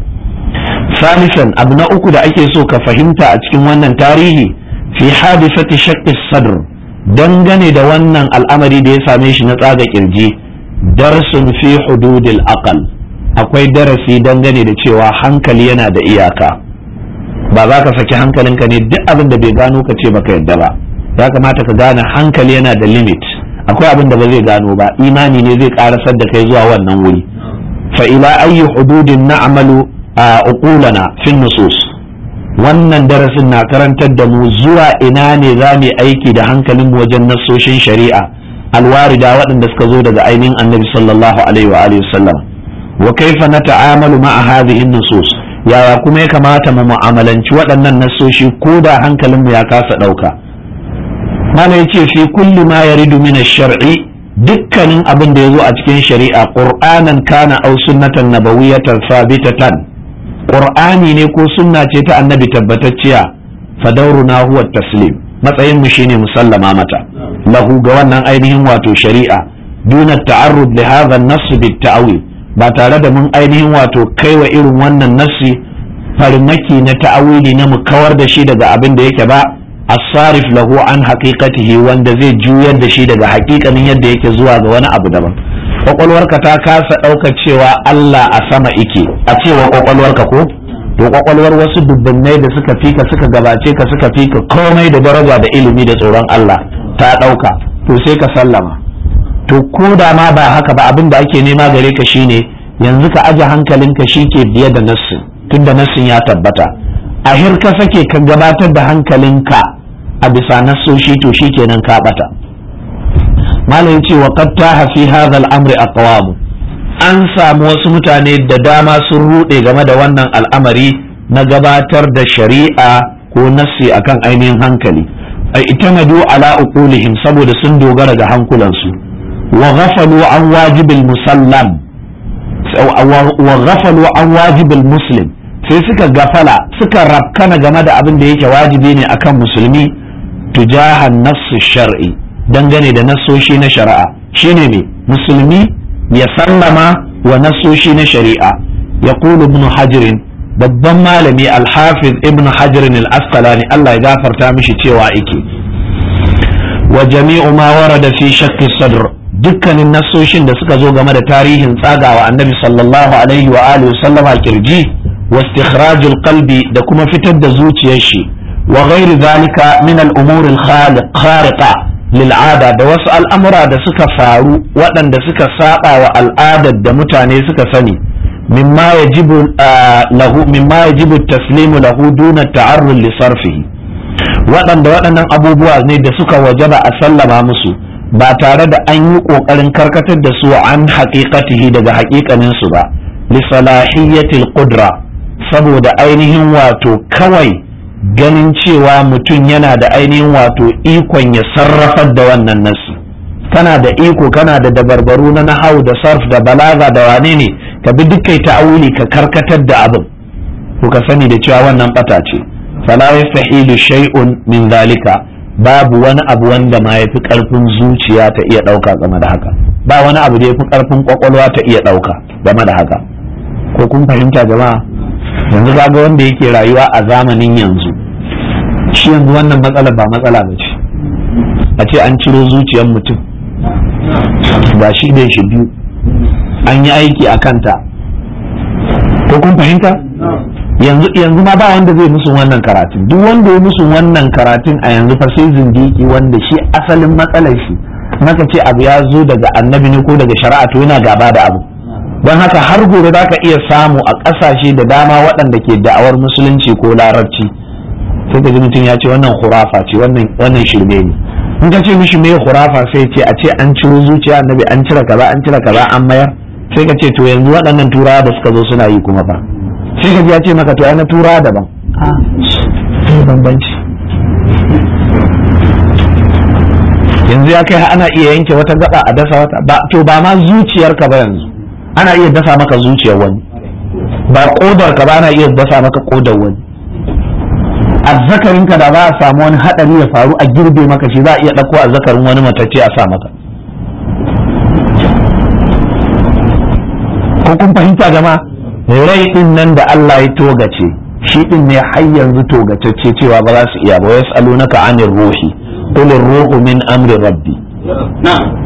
salisan abu na uku da ake so ka fahimta a cikin wannan tarihi fi hadisati shaqqi sadr dangane da wannan al'amari da ya same shi na tsaga kirji darsun fi hududil aqal akwai darasi dangane da cewa hankali yana da iyaka ba za ka saki hankalinka ne duk abin da bai gano ka ce baka yadda ba ya kamata ka gane hankali yana da limit akwai abin da ba zai gano ba imani ne zai karasar da kai zuwa wannan wuri fa ila ayyi hududin na'malu uqulana fi nusus wannan darasin na karantar da mu zuwa ina ne za mu aiki da hankalin mu wajen nasoshin shari'a alwarida waɗanda suka zo daga ainihin annabi sallallahu alaihi wa alihi wasallam wa kaifa nata'amalu ma'a hadhihi nusus yaya kuma ya kamata mu mu'amalanci waɗannan nassoshi ko da hankalin mu ya kasa ɗauka mana ya ce fi kulli ma ya ridu mina shar'i dukkanin abin da ya zo a cikin shari'a ƙur'anan kana au sunnatan nabawiyatan sabitatan ƙur'ani ne ko sunna ce ta annabi tabbatacciya fa na huwa taslim matsayin mu shine musallama mata lahu ga wannan ainihin wato shari'a duna ta'arrud li hadha an-nass bit-ta'wil ba tare da mun ainihin wato kaiwa irin wannan nassi farmaki na ta'awili na mu kawar da shi daga abin da yake ba asarif lahu an haqiqatihi wanda zai juyar da shi daga haƙiƙanin yadda yake zuwa ga wani abu daban kwakwalwarka ta kasa ɗaukar cewa Allah a sama ike a cewa kwakwalwarka ko to kwakwalwar wasu dubbannai da suka fika suka gabace ka suka fika komai da daraja da ilimi da tsoron Allah ta ɗauka to sai ka sallama to ko da ma ba haka ba abin da ake nema gare ka shine yanzu ka aje hankalinka shi ke biye da nasu tunda nasu ya tabbata ahir ka sake ka gabatar da hankalinka a bisa shi to shikenan ka bata malam ce wa qad taha fi hadha al-amri aqwam an samu wasu mutane da dama sun rude game da wannan al'amari na gabatar da shari'a ko nassi akan ainihin hankali ai itamadu ala uqulihim saboda sun dogara ga hankulansu wa ghafalu an wajibil musallam wa ghafalu an wajibil muslim sai suka gafala suka rafkana game da abin da yake wajibi ne akan musulmi tujahan nassu shar'i dangane da nasoshi na shari'a shine ne musulmi ya sallama wa nasoshi na shari'a ya kulu ibn hajirin babban malami alhafiz ibn hajirin al-asqalani Allah ya gafarta mishi cewa ike wa jami'u ma warada fi shakki sadr dukkanin nasoshin da suka zo game da tarihin tsagawa annabi sallallahu alaihi wa alihi wa sallama kirji wa istikhrajul qalbi da kuma fitar da zuciyar shi وغير ذلك من الأمور الخارقة للعادة da wasu al'amura da suka faru waɗanda suka saba wa al'adar da mutane suka sani mimma yajibu ah, lahu mimma yajibu taslimu lahu duna ta'arrul waɗanda waɗannan abubuwa ne da suka wajaba a sallama musu ba tare da an yi ƙoƙarin karkatar da su an haƙiƙatihi daga haƙiƙanin ba li salahiyatil qudra saboda ainihin wato kawai ganin cewa mutum yana da ainihin wato ikon ya sarrafar da wannan nasu kana da iko kana da dabarbaru na nahau da sarf da balaga da wane ne ka bi dukkan ta'awuli ka karkatar da abin to ka sani da cewa wannan bata ce fala yastahilu shay'un min zalika babu wani abu wanda ma yafi karfin zuciya ta iya dauka game da haka ba wani abu da yafi karfin kwakwalwa ta iya dauka game da haka ko kun fahimta jama'a yanzu zaga wanda yake rayuwa a zamanin yanzu shi yanzu wannan matsala ba matsala ba ce a ce an ciro zuciyar mutum ba shi bai shi biyu an yi aiki a kanta ko kun fahimta yanzu ma ba wanda zai musu wannan karatun duk wanda ya musu wannan karatun a yanzu fa sai zindiki wanda shi asalin matsalar shi maka ce abu ya zo daga annabi ne ko daga shari'a to yana gaba da abu don haka har gobe za ka iya samu a ƙasashe da dama waɗanda ke da'awar musulunci ko larabci sai ka ji mutum ya ce wannan hurafa ce wannan shirme ne in ka ce mishi mai hurafa sai ce a ce an ciro zuciya annabi an cire kaza an cire kaza an mayar sai ka ce to yanzu waɗannan turawa da suka zo suna yi kuma ba sai ka ji ya ce maka to ai na turawa daban bambanci yanzu ya kai ana iya yanke wata gaba a dasa wata to ba ma zuciyarka ba yanzu ana iya dasa maka zuciyar wani ba kodar ka ba ana iya dasa maka kodar wani a zakarin ka da za a samu wani hadari ya faru a girbe maka shi za a iya ɗauko zakarin wani matacce a sa maka ko kun fahimta jama'a rai din nan da Allah ya togace shi din ne har yanzu ce cewa ba za su iya ba ka anir ruhi qul ruhu min amri rabbi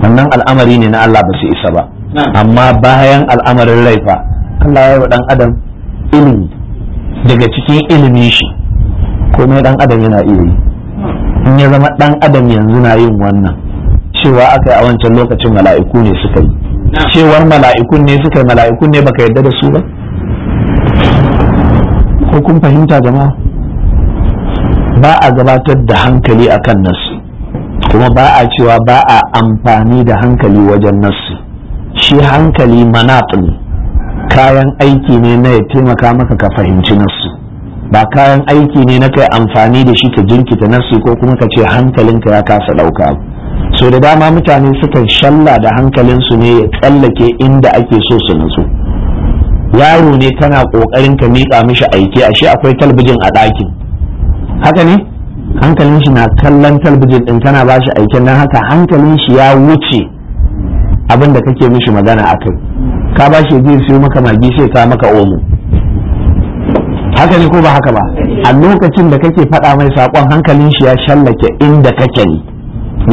wannan al'amari ne na Allah ba su isa ba amma bayan al'amarin laifa, Allah ya wa dan adam ilimi daga cikin ilimi shi komai dan adam yana iya yi in ya zama dan adam yanzu na yin wannan cewa aka yi a wancan lokacin mala'iku ne suka yi cewar mala'ikun ne suka yi mala'ikun ne baka yarda da su ba ko kun fahimta jama'a ba a gabatar da hankali akan nasu kuma ba a cewa ba a amfani da hankali wajen nasu shi hankali manatsin kayan aiki ne na ya taimaka maka ka fahimci nasu ba kayan aiki ne na kai amfani da shi ka jirkita nasu ko kuma ka ce hankalinka ya kasa ɗauka so da dama mutane sukan shalla da hankalinsu ne ya tsallake inda ake so su nutsu yaro ne tana ƙoƙarin ka miƙa mishi aiki shi akwai talbijin a ɗakin haka ne hankalin shi na kallon talbijin ɗin tana ba shi aikin nan haka hankalin shi ya wuce abin da kake mishi magana a kai ka ba shi zai siyo maka magi sai ka maka omo haka ne ko ba haka ba a lokacin da kake faɗa mai saƙon hankalin shi ya shallake inda kake ne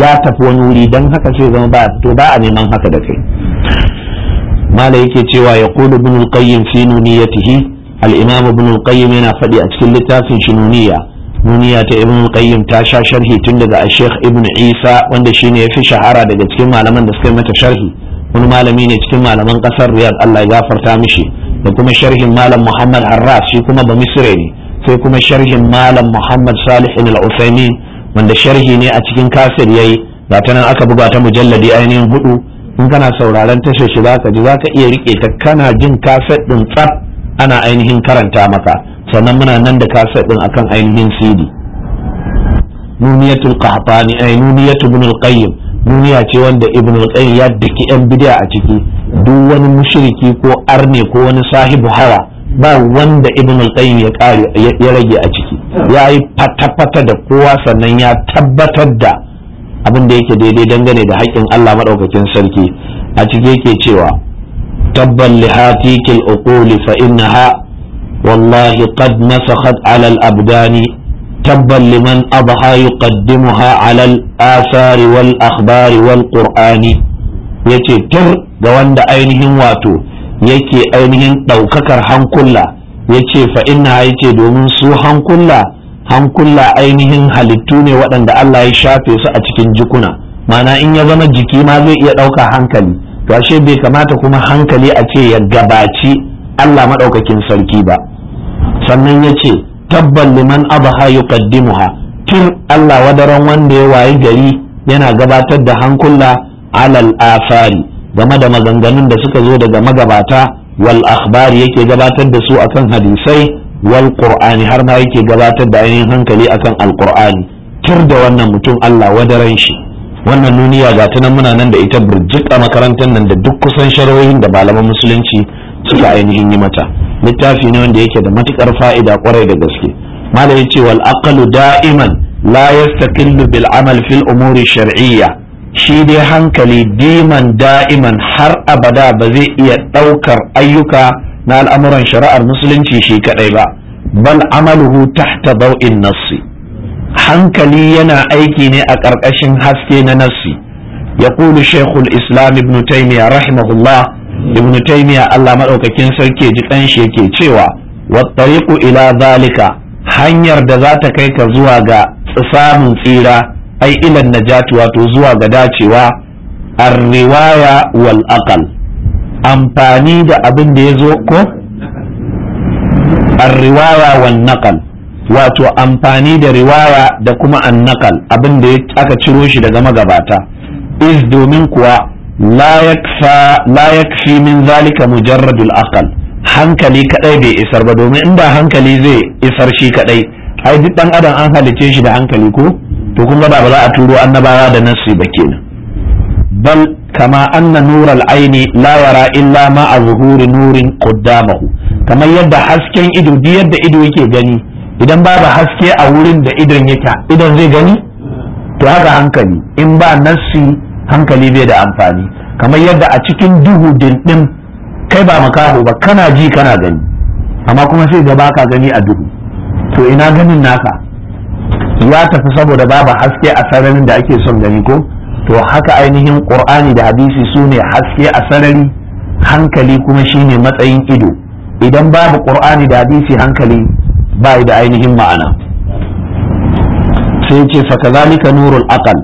ya tafi wani wuri dan haka sai zama ba to ba a neman haka da kai mala yake cewa ya kulu bin al-qayyim fi nuniyatihi al-imam ibn al-qayyim yana faɗi a cikin littafin shi nuniya duniya ta ibn qayyim ta sha sharhi tun daga sheikh ibn isa wanda shine ya fi shahara daga cikin malaman da suka yi mata sharhi wani malami ne cikin malaman kasar riyad allah ya gafarta mishi da kuma sharhin malam muhammad harras shi kuma ba misre ne sai kuma sharhin malam muhammad salih al-usaimin wanda sharhi ne a cikin kasir yayi ga ta nan aka buga ta mujalladi ainihin hudu in kana sauraron tashar shi zaka ji zaka iya rike ta kana jin kasir din tsaf ana ainihin karanta maka sannan muna nan da kaset din akan ainihin cd nuniyatul qahtani ay nuniyatu ibn al-qayyim nuniya ce wanda ibn al-qayyim ya daki yan bid'a a ciki duk wani mushriki ko arne ko wani sahibu hawa ba wanda ibn al-qayyim ya kare ya rage a ciki yayi yi fata-fata da kowa sannan ya tabbatar da abin da yake daidai dangane da haƙƙin Allah madaukakin sarki a ciki yake cewa tabban lihatikil uquli fa innaha wallahi qad nasakhat ala al-abdani tabban liman adha yuqaddimuha ala al-athari wal qur'ani yace tir ga wanda ainihin wato yake ainihin daukakar hankula yace fa inna yace domin su hankula hankula ainihin halittu ne waɗanda Allah ya shafe su a cikin jikuna mana in ya zama jiki ma zai iya ɗauka hankali to ashe bai kamata kuma hankali a ce ya gabaci Allah maɗaukakin sarki ba sannan ya ce tabban liman abaha yuqaddimuha tun Allah wadaran wanda ya wayi gari yana gabatar da hankula alal asari game da maganganun da suka zo daga magabata wal akhbari yake gabatar da su akan hadisai wal qur'ani har ma yake gabatar da ainihin hankali akan alqur'ani tur da wannan mutum Allah wadaran shi wannan nuniya ga ta muna nan da ita burjika makarantar nan da duk kusan sharoyin da malaman musulunci suka ainihin yi mata littafi ne wanda yake da matukar fa'ida kwarai da gaske malam ce wal aqlu da'iman la yastaqillu bil amal fil umuri shar'iyya shi dai hankali diman da'iman har abada ba zai iya daukar ayyuka na al'amuran shari'ar musulunci shi kadai ba bal amaluhu tahta daw'in nassi hankali yana aiki ne a ƙarƙashin haske na nassi يقول شيخ islam ابن تيمية rahimahullah ibn taymiya Allah madaukakin sarki ji dan shi yake cewa wa tariqu ila zalika hanyar da za ta kai ka zuwa ga samun tsira ai ilan najatu wato zuwa ga dacewa ar-riwaya wal aqal amfani da abin da ya zo ko arriwaya wal naqal wato amfani da riwaya da kuma annakal abin da aka ciro shi daga magabata is domin kuwa la min zalika mujarradul aqal hankali kadai bai isar ba domin in ba hankali zai isar shi kadai ai duk dan adam an halice shi da hankali ko to kun ba za a turo annabawa da nasi ba kenan bal kama anna nural aini la yara illa ma a zuhuri nurin qaddamahu kamar yadda hasken ido duk yadda ido yake gani idan babu haske a wurin da idon yake idan zai gani to haka hankali in ba nasi. hankali bai da amfani kamar yadda a cikin duhu dindin kai ba makaho ba kana ji kana gani amma kuma sai ga baka gani a duhu to ina ganin naka ya tafi saboda babu haske a sararin da ake son gani ko to haka ainihin qur'ani da hadisi su ne haske a sarari hankali kuma shine matsayin ido idan babu qur'ani da hadisi hankali ba da ainihin ma'ana sai ce kazalika nurul aqal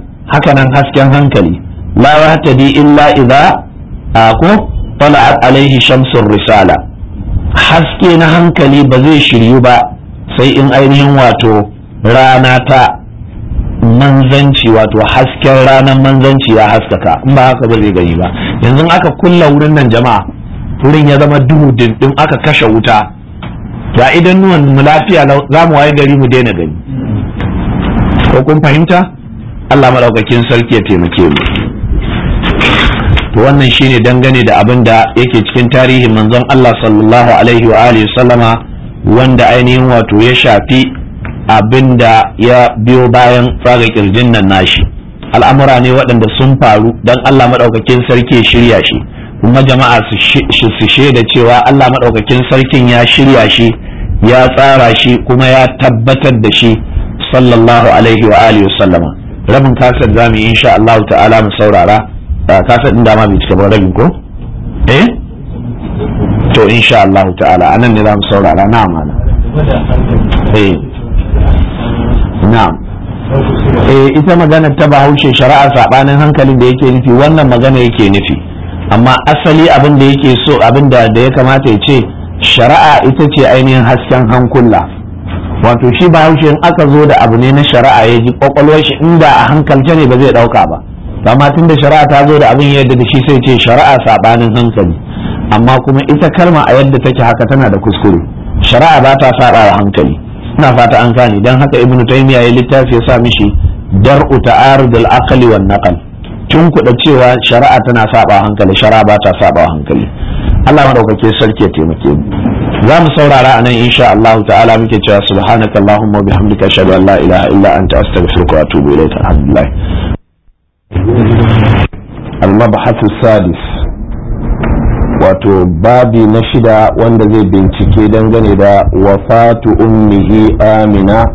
nan hasken hankali لا يهتدي illa إذا أكو طلعت alaihi شمس risala haske na hankali ba zai shiryu ba sai in ainihin wato ta manzanci wato hasken ranar manzanci ya haskaka in ba haka ba zai gani ba yanzu aka kulla wurin nan jama'a wurin ya zama duhu dindin aka kashe wuta ya idan nuwan mu lafiya za mu waye gari mu daina gani ko kun fahimta Allah madaukakin sarki ya taimake mu to wannan shine dangane da abin da yake cikin tarihin manzon Allah sallallahu alaihi wa alihi sallama wanda ainihin wato ya shafi abin da ya biyo bayan tsaga kirjin nan nashi al'amura ne waɗanda sun faru don Allah maɗaukakin sarki ya shirya shi kuma jama'a su shaida cewa Allah maɗaukakin sarkin ya shirya shi ya tsara shi kuma ya tabbatar da shi sallallahu alaihi wa alihi sallama rabin kasar zamu insha Allah ta'ala mu saurara Ah, kasar din dama bai cika ba rabin ko eh to insha Allah ta'ala anan ne za mu saurara na amana eh na'am eh ita magana ta bahaushe shari'a sabanin hankalin da yake nufi wannan magana yake nufi amma asali abin da yake so abin da da ya kamata ya ce shari'a ita ce ainihin hasken hankula wato shi bahaushe in aka zo da abu ne na shari'a ya ji kwakwalwar shi inda a hankalce ne ba zai dauka ba amma tun da shari'a ta zo da abin yadda da shi sai ce shari'a sabanin hankali amma kuma ita kalma a yadda take haka tana da kuskure shari'a ba ta saba hankali ina fata an sani dan haka ibnu taymiya ya littafi ya sa mishi dar'u ta'arud al-aqli wan tun kuɗa cewa shari'a tana saba hankali shari'a ba ta saba hankali Allah madaukake sarki ya taimake mu za mu saurara a nan insha Allah ta'ala muke cewa subhanakallahumma bihamdika ashhadu an la ilaha illa anta astaghfiruka wa atubu ilayka alhamdulillah المبحث السادس wato babi na shida wanda zai bincike dangane da wafatu ummihi amina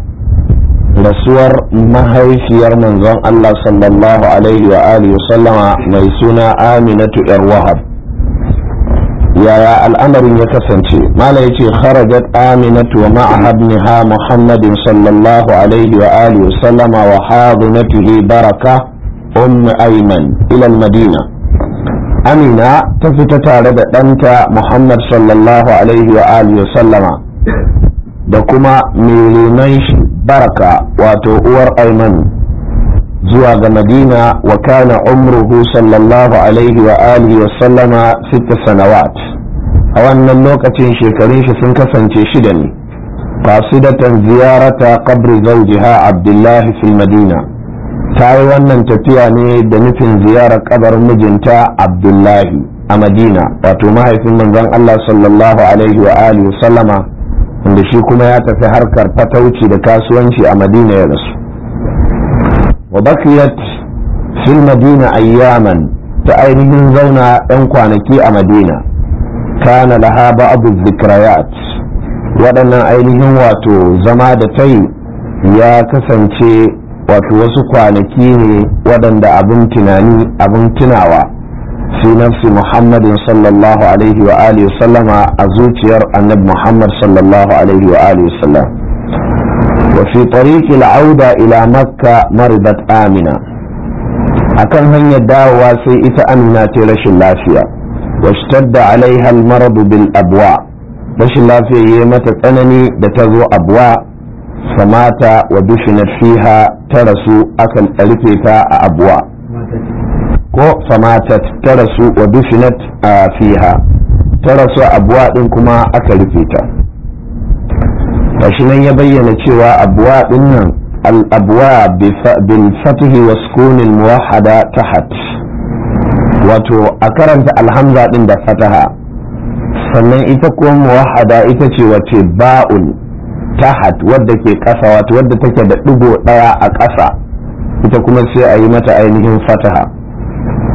rasuwar mahaifiyar manzon Allah sallallahu alaihi wa alihi sallama mai suna aminatu yar wahab yaya al'amarin ya kasance mala ya ce kharajat aminatu wa ma'ahabniha muhammadin sallallahu alaihi wa alihi sallama wa hadinatihi baraka أم أيمن إلى المدينة أمنا تفتت على أنت محمد صلى الله عليه وآله وسلم دكما ميلينيش بركة وتؤور أيمن زواج مدينة وكان عمره صلى الله عليه وآله وسلم ست سنوات أولا اللوكة شكريش سنكسن شدني قاصدة زيارة قبر زوجها عبد الله في المدينة ta yi wannan tafiya ne da nufin ziyarar kabar mijinta abdullahi a madina wato mahaifin manzon allah sallallahu alaihi wa alihi sallama wanda shi kuma ya tafi harkar fatauci da kasuwanci a madina ya rasu wa bakiyat fil madina ayyaman ta ainihin zauna ɗan kwanaki a madina kana laha ba'd dhikrayat waɗannan ainihin wato zama da ta ya kasance wato wasu kwanaki ne waɗanda abin tunani abin tunawa fi nafsi muhammadin sallallahu alaihi wa alihi sallama a zuciyar annabi muhammad sallallahu alaihi wa alihi sallam wa fi tariqi al'auda ila makka maridat amina akan hanyar dawowa sai ita amina ce rashin lafiya واشتد عليها bil abwa rashin lafiya ya mata tsanani da ta zo abwa famata wa dufina fiha ta rasu akan ta a abuwa ko famatat ta rasu wa a fiha ta rasu abuwa din kuma aka rufe ta nan ya bayyana cewa abuwa din nan al'abuwa bin fatihi wa sukunin muwahada wato a karanta alhamza din da fataha sannan ita ko muwahada ita ce wace ba'ul. tahat wadda ke ƙasa wato wadda take da ɗigo daya a ƙasa ita kuma sai a yi mata ainihin fataha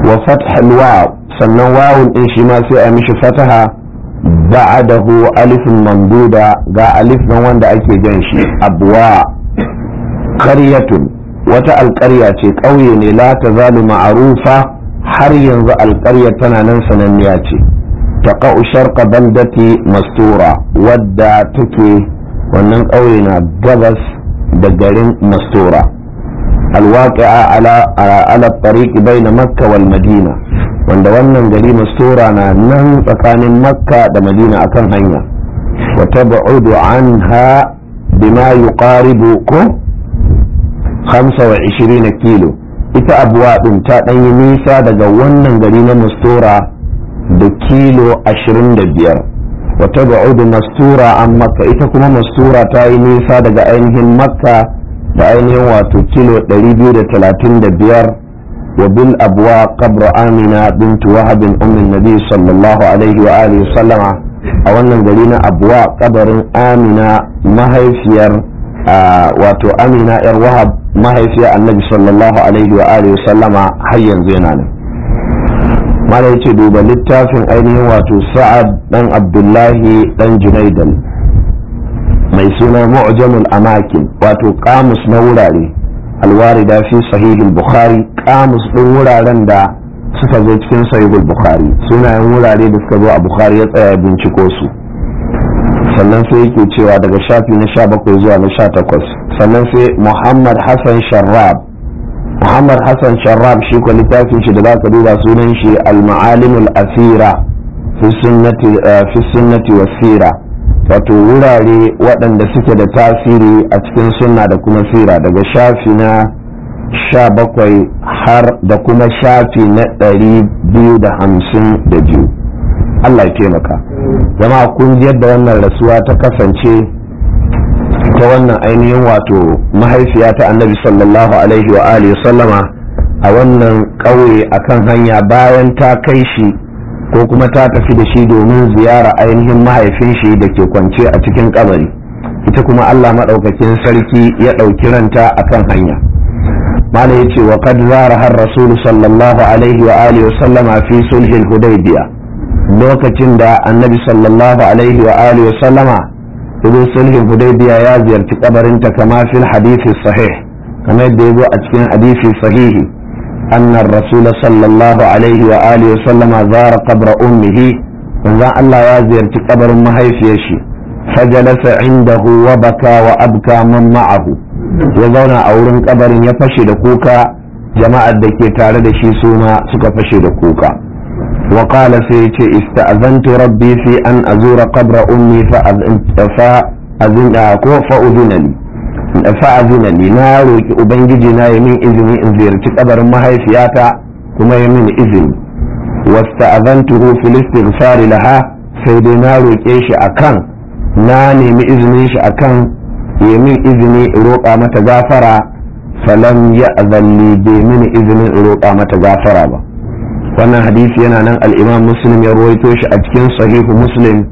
wa fathal waw sannan wawun din shi ma sai a mishi fataha ba'adahu alifun mamduda ga alif nan wanda ake jan shi abwa qaryatun wata alƙarya ce ƙauye ne la ta zalu har yanzu alqarya tana nan sananniya ce ta sharqa baldati mastura wadda take wannan ƙauye na gabas da garin mastora alwaƙi'a ala tariki bai na makka wal madina wanda wannan gari mastora na nan tsakanin makka da madina akan hanya wa tab'udu ha bima yuqaribu ko 25 kilo ita abuwa ɗin ta ɗanyi nisa daga wannan gari na mastora da kilo 25 wata ba'udu mastura an makka ita kuma mastura ta yi nisa daga ainihin makka da ainihin wato kilo 235 wa bil abuwa kabra amina bintu wahabin ummin nabi sallallahu alaihi wa alihi sallama a wannan gari na abuwa kabarin amina mahaifiyar wato amina yar wahab mahaifiyar annabi sallallahu alaihi wa alihi sallama har yanzu yana nan mana yace duba littafin ainihin wato sa'ad dan abdullahi dan junaidan mai suna mu'jamul amakin wato kamus na wurare alwarida fi sahihul bukhari kamus din wuraren da suka zo cikin sahihul bukhari sunayen wurare da suka zo a bukhari ya tsaya binciko su sannan sai yake cewa daga shafi na 17 zuwa na 18 sannan sai muhammad hassan sharrab Muhammad Hassan Sharraf shi ko littafin shi da za ka duba sunan shi al-ma'alimul asira eh, fi sunnati wa sira wato wurare waɗanda suke da tasiri a cikin sunna da kuma sira daga shafi na sha bakwai har da kuma shafi na ɗari biyu da hamsin da biyu Allah ya taimaka jama'a kun yadda wannan rasuwa ta kasance ita wannan ainihin wato mahaifiya ta annabi sallallahu alaihi wa alihi sallama a wannan ƙauye akan hanya bayan ta kai shi ko kuma ta tafi da shi domin ziyara ainihin mahaifin shi da ke kwance a cikin kabari ita kuma Allah maɗaukakin sarki ya ɗauki ranta a kan hanya Malam ya ce wa kad zara har rasulu sallallahu alaihi wa alihi wa sallama fi sulhil hudaybiya lokacin da annabi sallallahu alaihi wa alihi wa sallama izo sulhin hudaybiya ya ziyarci kabarinta kama fil hadisi sahih kamar yadda ya zo a cikin hadisi sahihi annar rasul sallallahu alaihi wa alihi sallama zara qabra ummihi manzo Allah ya ziyarci kabarin mahaifiyar shi fajalasa indahu wa baka wa abka man ma'ahu ya zauna a wurin kabarin ya fashe da kuka jama'ar da ke tare da shi suma suka fashe da kuka wa qala sai yace ista'zantu rabbi fi an azura qabra ummi fa fa udinani fa na roki ubangiji na yi min izini in ziyarci kabarin mahaifiyata kuma yi min izini wasta'zantuhu fil istighfar laha sai dai na roke shi akan na nemi izinin shi akan yi min izini roƙa mata gafara falam ya azalli bai mini izinin roƙa mata gafara ba wannan hadisi yana nan al'imam muslim ya ruwaito shi a cikin sahihu muslim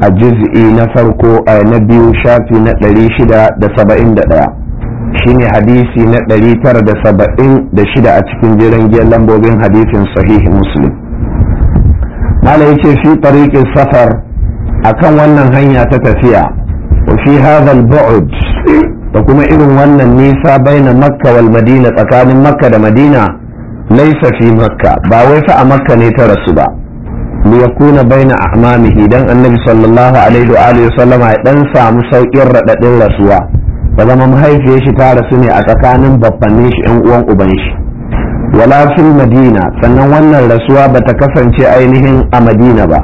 a juz'i na farko a na biyu shafi na 671 shine hadisi na shida a cikin jiran giyan lambobin hadisin sahihu muslim mala yace fi tariqin safar akan wannan hanya ta tafiya wa fi hadha al-bu'd da kuma irin wannan nisa baina makka wal madina tsakanin makka da madina laisa fi makka ba wai fa a makka ne ta rasu ba li yakuna baina amamihi dan annabi sallallahu alaihi wa alihi sallama ya dan samu saukin radadin rasuwa ba zama mahaifiyar shi ta rasu ne a tsakanin babbannin shi yan uwan uban shi wala fi madina sannan wannan rasuwa ba ta kasance ainihin a madina ba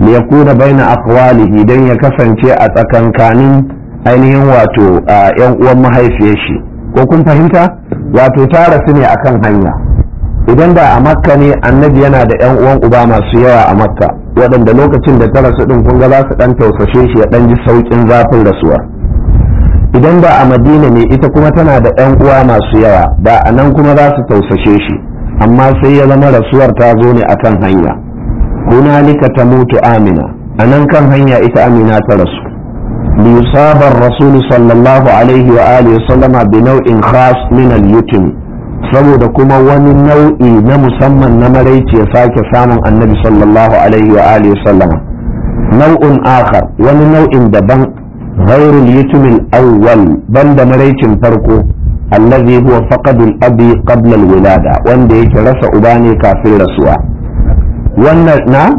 li yakuna baina aqwalihi dan ya kasance a tsakankanin ainihin wato yan uwan mahaifiyar shi ko kun fahimta wato ta rasu ne akan hanya idan da a makka ne annabi yana da yan uwan uba masu yawa a makka waɗanda lokacin da ta rasu ɗin kun ga za su ɗan tausashe shi ya ɗan ji sauƙin zafin rasuwa idan da a madina ne ita kuma tana da yan uwa masu yawa da a nan kuma za su tausashe shi amma sai ya zama rasuwar ta zo ne a kan hanya hunalika ta mutu amina a nan kan hanya ita amina ta rasu liyusabar rasulu sallallahu alaihi wa alihi sallama bi nau'in khas min saboda kuma wani nau'i na musamman na maraici ya sake samun annabi sallallahu nau'un akhar wani nau'in daban ghairul yutumil awwal banda maraicin farko allazi huwa faqadul wanda yake rasa uba ne kafin rasuwa wannan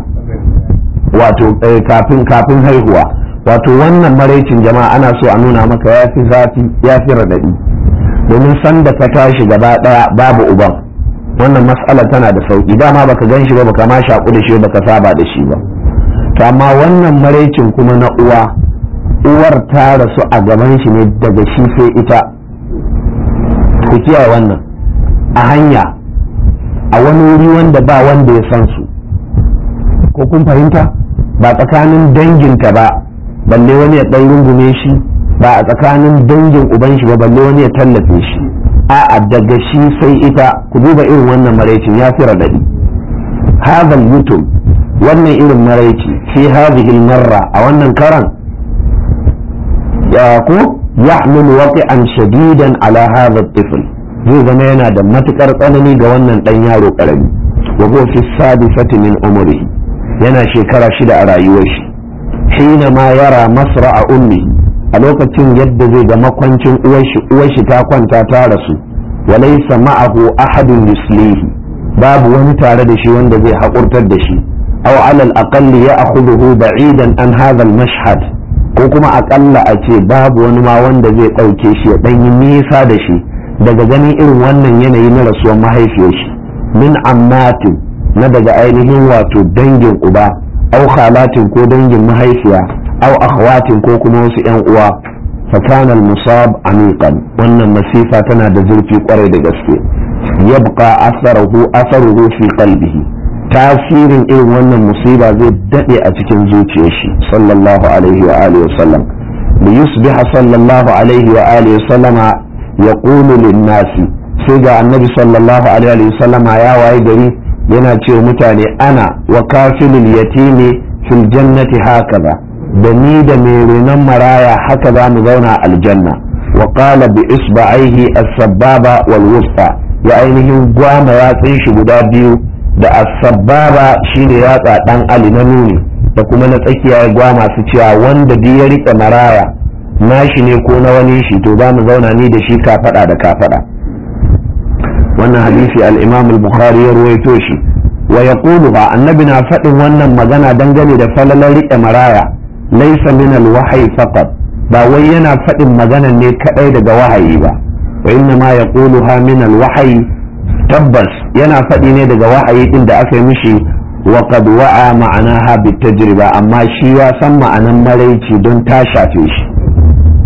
eh, haihuwa wato wannan maraicin jama'a ana so a nuna maka yafi zafi yafi radadi domin san da ka tashi gaba daya babu uban wannan matsala tana da sauki dama baka gan shi ba baka ma shaku da shi ba baka saba da shi ba to amma wannan maraicin kuma na uwa uwar ta rasu a gaban shi ne daga shi sai ita ku kiyaye wannan a hanya a wani wuri wanda ba wanda ya san su ko kun fahimta ba tsakanin danginta ba balle wani ya ɗan rungume shi ba a tsakanin dangin uban shi ba balle wani ya tallafe shi a'a daga shi sai ita ku duba irin wannan maraicin ya fi radadi hadha mutum wannan irin maraici fi hadhihi marra a wannan karan ya ku yahmil waqi'an shadidan ala hadha at zai zama yana da matukar tsanani ga wannan ɗan yaro karami wa huwa fi sadisati min umrihi yana shekara shida a rayuwar shi hina ma yara masra'a ummi a lokacin yadda zai ga makwancin shi ta kwanta ta rasu walaisa ma'ahu ahadun yuslihi babu wani tare da shi wanda zai haƙurtar da shi aw alal aqalli ya akhudhu ba'idan an hadha al-mashhad ko kuma aƙalla a ce babu wani ma wanda zai ɗauke shi ya yi nisa da shi daga ganin irin wannan yanayi na rasuwar mahaifiyar shi min ammatin na daga ainihin wato dangin uba au khalatin ko dangin mahaifiya au akhwatin ko kuma wasu yan uwa fa kana al wannan masifa tana da zurfi kwarai da gaske Yabƙa atharuhu atharuhu fi qalbihi tasirin irin wannan musiba zai daɗe a cikin zuciyar shi sallallahu alaihi wa alihi wasallam li yusbiha sallallahu alaihi wa alihi nasi sai ga annabi sallallahu alaihi ya waye gari yana cewa mutane ana wa kafilul yatimi fil jannati hakaza da ni da mai renon maraya haka za mu zauna aljanna wa qala bi isba'ihi as sababa wal wusta ya ainihin gwama yatsun shi guda biyu da as-sabbaba shine yatsa dan ali na nuni da kuma na tsakiya ya gwama su cewa wanda duk ya rike maraya nashi ne ko na wani shi to za mu zauna ni da shi kafada da kafada wannan hadisi al-imam al-bukhari ya ruwaito shi wa yaqulu ba annabi na faɗin wannan magana dangane da falalar rike maraya laysa min al-wahyi faqat ba wai yana faɗin magana ne kadai daga wahayi ba wa inna ma yaquluha min al-wahyi tabbas yana faɗi ne daga wahayi din da aka yi mishi wa qad wa'a ma'anaha ba amma shi ya san ma'anan maraici don ta shafe shi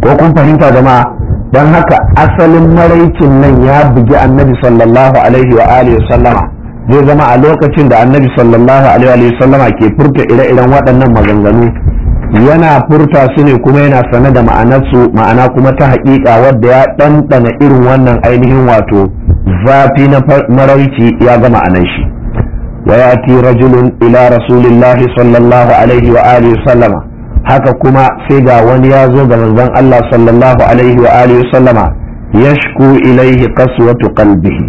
ko kun fahimta jama'a don haka asalin maraicin nan ya bugi annabi sallallahu alaihi wa alihi sallama zai zama a lokacin da annabi sallallahu alaihi wa sallama ke furta ire-iren waɗannan maganganu yana furta su ne kuma yana sane da ma'anarsu ma'ana kuma ta haƙiƙa wadda ya ɗanɗana irin wannan ainihin wato zafi na maraici ya ga ma'anar shi wa ki rajulun ila rasulillahi sallallahu alaihi wa alihi sallama haka kuma sai ga wani ya zo ga manzon Allah sallallahu alaihi wa alihi sallama yashku ilaihi qaswatu qalbihi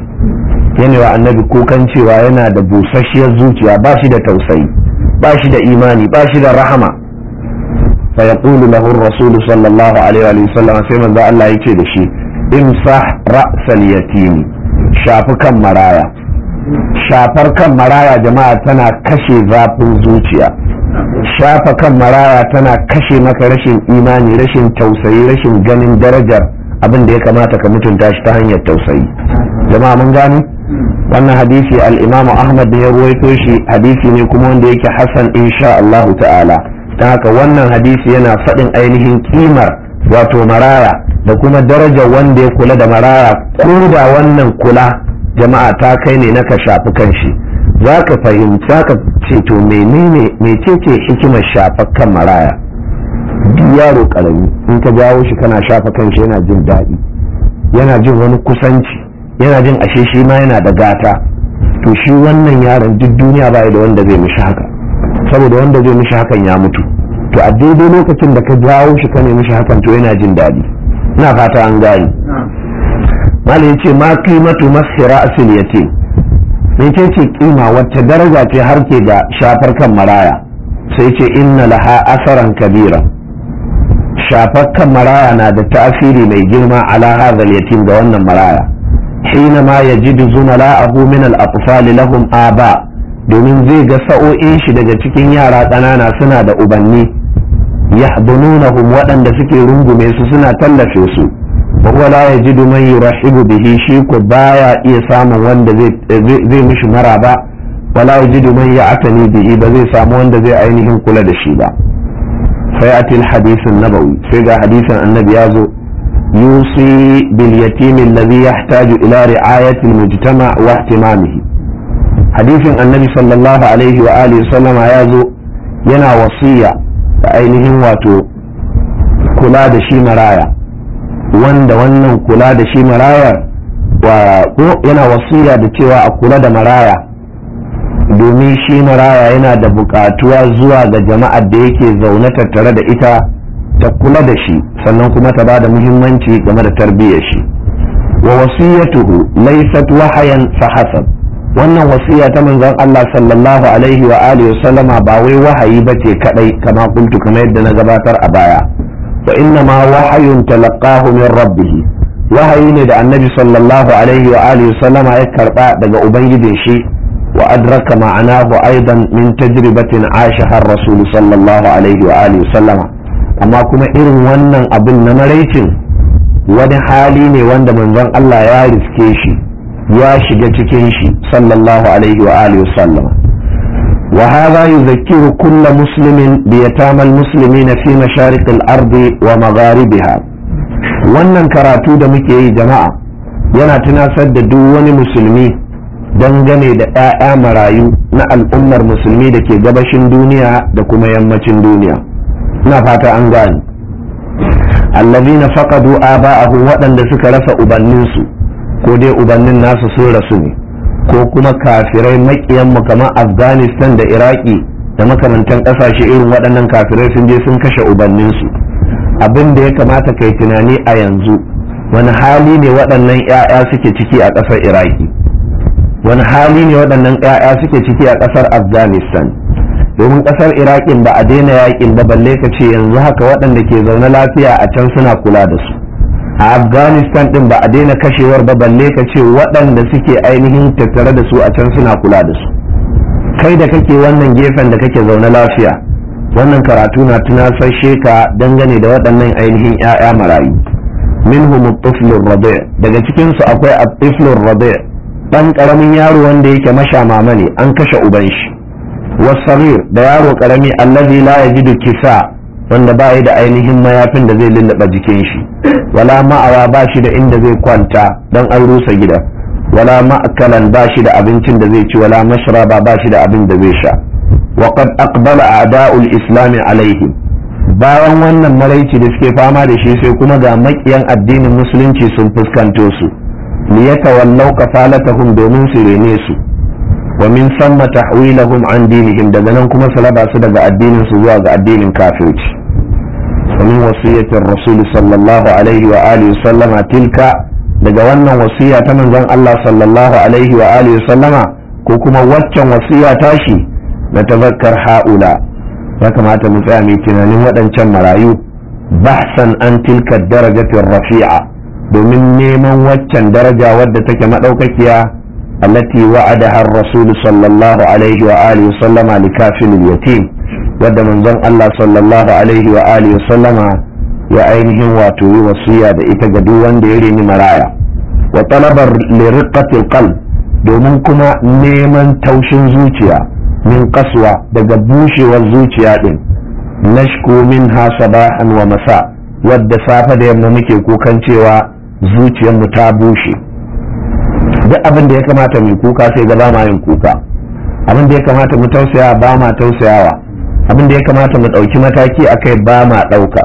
yana wa annabi kukan cewa yana da busasshiyar zuciya ba shi da tausayi ba shi da imani ba shi da rahama fa yaqulu lahu ar-rasul sallallahu alaihi wa sallama sai manzon Allah yake da shi imsah ra'sal yatim shafi kan maraya shafar kan maraya jama'a tana kashe zafin zuciya shafa kan maraya tana kashe maka rashin imani rashin tausayi rashin ganin darajar abin da ya kamata ka mutunta shi ta hanyar tausayi jama'a mun gani wannan hadisi al ahmad ya ruwaito shi hadisi ne kuma wanda yake hasan insha Allahu ta'ala don haka wannan hadisi yana faɗin ainihin kimar wato maraya da kuma darajar wanda ya kula da maraya ko da wannan kula jama'a ta kai ne na ka shafi kan shi za ka fahimta ka ce to menene mecece hikimar shafa kan maraya duk yaro karami in ka jawo shi kana shafa kan shi yana jin daɗi yana jin wani kusanci yana jin ashe shi ma yana da gata to shi wannan yaron duk duniya ba da wanda zai mishi haka saboda wanda zai mishi hakan ya mutu to a daidai lokacin da ka jawo shi ka ne mishi hakan to yana jin daɗi ina fata an gani malai ce ma qimatu masira asil yatim mece ce kima wacce daraja ce har ke ga shafar kan maraya sai ce inna laha asaran kabira shafar kan maraya na da tasiri mai girma ala hadhal yatim ga wannan maraya hina ma yajidu zunala'ahu min al-atfal lahum aba domin zai ga sa'o'in shi daga cikin yara ƙanana suna da ubanni yahdununahum waɗanda suke rungume su suna tallafe su wa huwa la yajidu man yurahibu bihi shi ko baya iya samun wanda zai mishi mara ba wala yajidu man ya'tani bihi ba zai samu wanda zai ainihin kula da shi ba sai atil hadisin nabawi sai ga hadisin annabi ya zo يوصي باليتيم الذي يحتاج إلى رعاية المجتمع واهتمامه حديث النبي صلى الله عليه وآله وسلم yana ينا da ainihin wato kula da shi maraya wanda wannan kula da shi maraya wa ko yana wasiya da cewa a kula da maraya domin shi maraya yana da buƙatuwa zuwa ga jama'ar da yake zaune tattare da ita ta kula da shi sannan kuma ta ba da muhimmanci game da tarbiyyar shi wa wasiyatuhu laysat wahayan fahasab wannan wasiya ta manzon Allah sallallahu alaihi wa alihi sallama ba wai wahayi bace kadai kama kuntu kamar yadda na gabatar a baya wa inna ma wahayun talaqahu min rabbih wahayi ne da annabi sallallahu alaihi wa alihi sallama ya karba daga ubangijin shi wa adraka ma'anahu aidan min tajribatin ashaha rasul sallallahu alaihi wa alihi sallama amma kuma irin wannan abin na maraicin wani hali ne wanda manzon Allah ya riske shi ya shiga cikin shi sallallahu alaihi wa alihi sallama وهذا يذكر كل مسلم na المسلمين في مشارق الأرض ومغاربها wannan karatu da muke yi jama'a yana tunasar da duk wani musulmi dangane da 'ya'ya marayu na al'ummar musulmi da ke gabashin duniya da kuma yammacin duniya na fata an gani allazina faqadu aba'ahum waɗanda suka rasa ubanninsu ko dai ubannin nasu sun rasu ne ko kuma kafirai makiyanmu kamar afghanistan da iraki da makamantan ƙasashe irin waɗannan kafirai sun je sun kashe ubanninsu abin da ya kamata kai tunani a yanzu wani hali ne waɗannan 'ya'ya suke ciki a ƙasar iraki wani hali ne waɗannan 'ya'ya suke ciki a ƙasar afghanistan domin ƙasar iraki ba a daina yaƙin ba balle ka ce yanzu haka waɗanda ke zaune lafiya a can suna kula da su a afghanistan din ba a daina kashewar ba balle ka ce waɗanda suke ainihin tattare da su a can suna kula da su kai da kake wannan gefen da kake zaune lafiya wannan karatu na tunasashe ka dangane da waɗannan ainihin 'ya'ya marayu minhum at-tiflur daga cikin su akwai at-tiflur rabi' dan karamin yaro wanda yake masha ne an kashe uban shi wasarir da yaro karami allazi la yajidu kisa wanda ba da ainihin mayafin da zai lullaba jikin shi wala ma'awa ba shi da inda zai kwanta don an rusa gida wala ma'akalan ba shi da abincin da zai ci wala mashraba ba shi da abin da zai sha wa qad aqbala a'da'ul islam alaihi bayan wannan maraici da suke fama da shi sai kuma ga makiyan addinin musulunci sun fuskanto su liyatawallau kafalatahum domin su rene su wa min samma tahwilahum an dinihim daga nan kuma su raba su daga addinin su zuwa ga addinin kafirci ومن وصية الرسول صلى الله عليه وآله وسلم تلك daga wannan wasiya ta manzon Allah sallallahu alaihi wa alihi sallama ko kuma waccan wasiya tashi na tazakkar haula ya kamata mu tsaya mai tunanin waɗancan marayu bahsan an tilka darajatin rafi'a domin neman waccan daraja wadda take madaukakiya allati wa'adaha har rasul sallallahu alaihi wa yatim wadda manzon Allah sallallahu alaihi wa alihi sallama ya ainihin wato yi wasiya da ita ga duk wanda ya reni maraya wa talabar liriqatil qalb domin kuma neman taushin zuciya min kaswa daga bushewar zuciya din nashku minha sabahan wa masa wadda safe da yamma muke kukan cewa zuciyarmu ta bushe duk abin da ya kamata mu kuka sai ga ba ma yin kuka abin da ya kamata mu tausaya ba ma tausayawa abin da ya kamata mu ɗauki mataki a kai ba ma ɗauka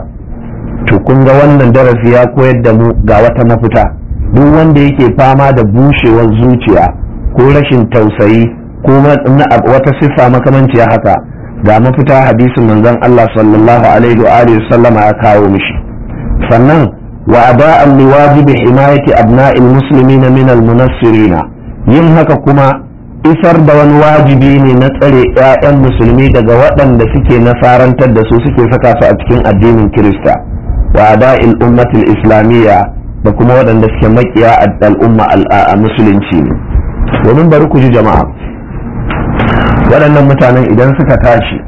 to kun ga wannan darasi ya koyar da mu ga wata mafita duk wanda yake fama da bushewar zuciya ko rashin tausayi ko wata siffa makamanciya haka ga mafita hadisin manzon Allah sallallahu alaihi wa alihi sallama ya kawo mishi sannan wa aba'an liwajibi himayati abna'il muslimina min al-munassirina yin haka kuma isar da wani wajibi ne na tsare 'ya'yan musulmi daga waɗanda suke nasarantar da su suke saka su a cikin addinin kirista wa da'il ummatul islamiyya da kuma waɗanda suke makiya al'umma a musulunci ne domin bari ku ji jama'a waɗannan mutanen idan suka tashi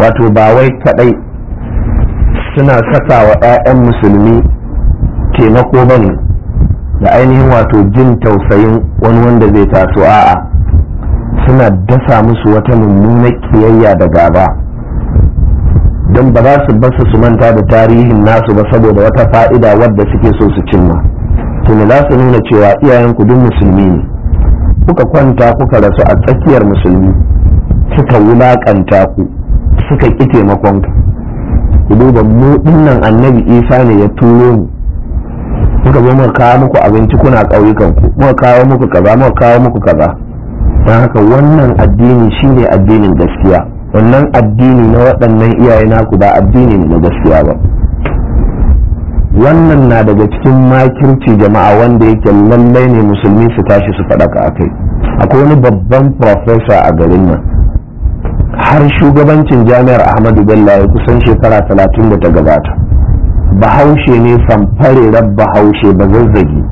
wato ba wai kaɗai suna saka wa 'ya'yan musulmi taimako ba ne da ainihin wato jin tausayin wani wanda zai taso a'a suna dasa musu wata mummunar kiyayya da gaba don ba za su basu su manta da tarihin nasu ba saboda wata fa'ida wadda suke so su cimma tuni za su nuna cewa iyayen ku duk musulmi ne kuka kwanta kuka rasu a tsakiyar musulmi suka wulaƙanta ku suka ƙi taimakon ku duba mu dinnan annabi isa ne ya turo mu muka zo muka kawo muku abinci kuna ƙauyukan ku muka kawo muku kaza muka kawo muku kaza don haka wannan addini shine addinin gaskiya wannan addini na waɗannan iyaye naku ba addini ne na gaskiya ba wannan na daga cikin makirci jama'a wanda yake lallai ne musulmi su tashi su faɗaka a kai akwai wani babban profesa a garin nan har shugabancin jami'ar ahmadu bello ya kusan shekara talatin da ta gabata bahaushe ne samfarerar bahaushe ba zazzagi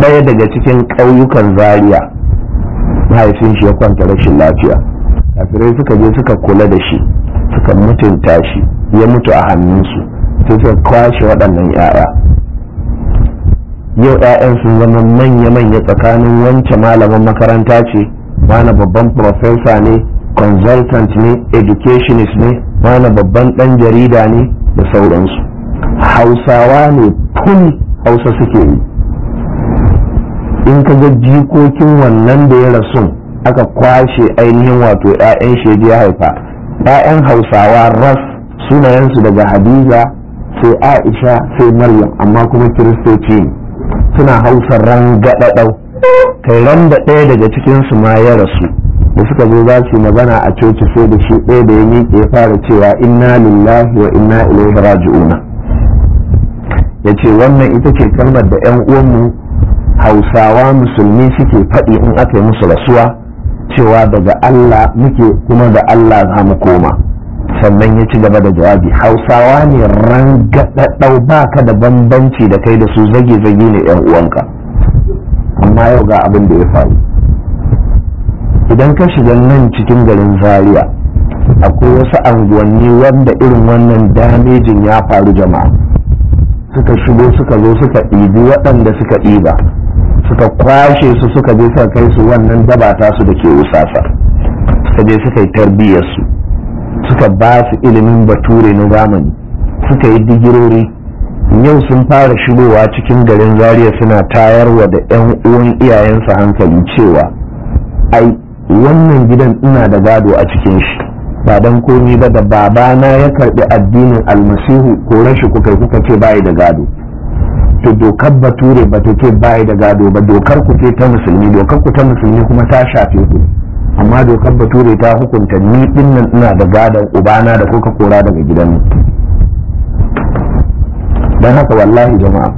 ɗaya daga cikin ƙauyukan zaria mahaifin shi ya kwanta rashin lafiya kafirai suka je suka kula da shi suka mutunta shi ya mutu a hannunsu sai suka kwashe waɗannan 'ya'ya yau 'ya'yan sun zama manya-manya tsakanin wancan malaman makaranta ce mana babban profesa ne consultant ne educationist ne mana babban ɗan jarida ne da sauransu hausawa ne tun hausa suke yi in ka ga jikokin wannan da ya rasu aka kwashe ainihin wato 'ya'yan shedi ya haifa 'ya'yan hausawa ras sunayensu daga hadiza sai aisha sai maryam amma kuma kiristoci suna hausa rangadadau kai ran da ɗaya daga cikinsu ma ya rasu da suka zo za su magana a coci sai da shi ɗaya da ya miƙe fara cewa inna lillahi wa inna ilaihi raji'una ya ce wannan ita ce kalmar da 'yan uwanmu hausawa musulmi suke faɗi in aka yi musu rasuwa cewa daga allah muke kuma da allah za mu koma sannan ya ci gaba da jawabi hausawa ne gaɗaɗau ba ka da bambanci da kai da su zage-zage ne 'yan uwanka amma yau ga abin da ya faru idan ka shiga nan cikin garin zaria akwai wasu anguwanni wanda irin wannan damejin ya faru jama'a suka shigo suka zo suka ɗibi waɗanda suka ɗiba suka kwashe su suka je suka kai su wannan daba ta su da ke wusasa suka je suka yi tarbiyyar su suka ba su ilimin bature na zamani suka yi digirori yau sun fara shigowa cikin garin zaria suna tayarwa da 'yan uwan iyayensa hankali cewa ai wannan gidan ina da gado a cikin shi ba dan komi ba da babana ya karbi addinin almasihu ko rashi kuka kuka ce bai da gado to dokar bature ba ta ce bai da gado ba dokar ku ce ta musulmi dokar ku ta musulmi kuma ta shafe ku amma dokar bature ta hukunta ni din nan ina da gadon ubana da kuka kora daga gidan mu. dan haka wallahi jama'a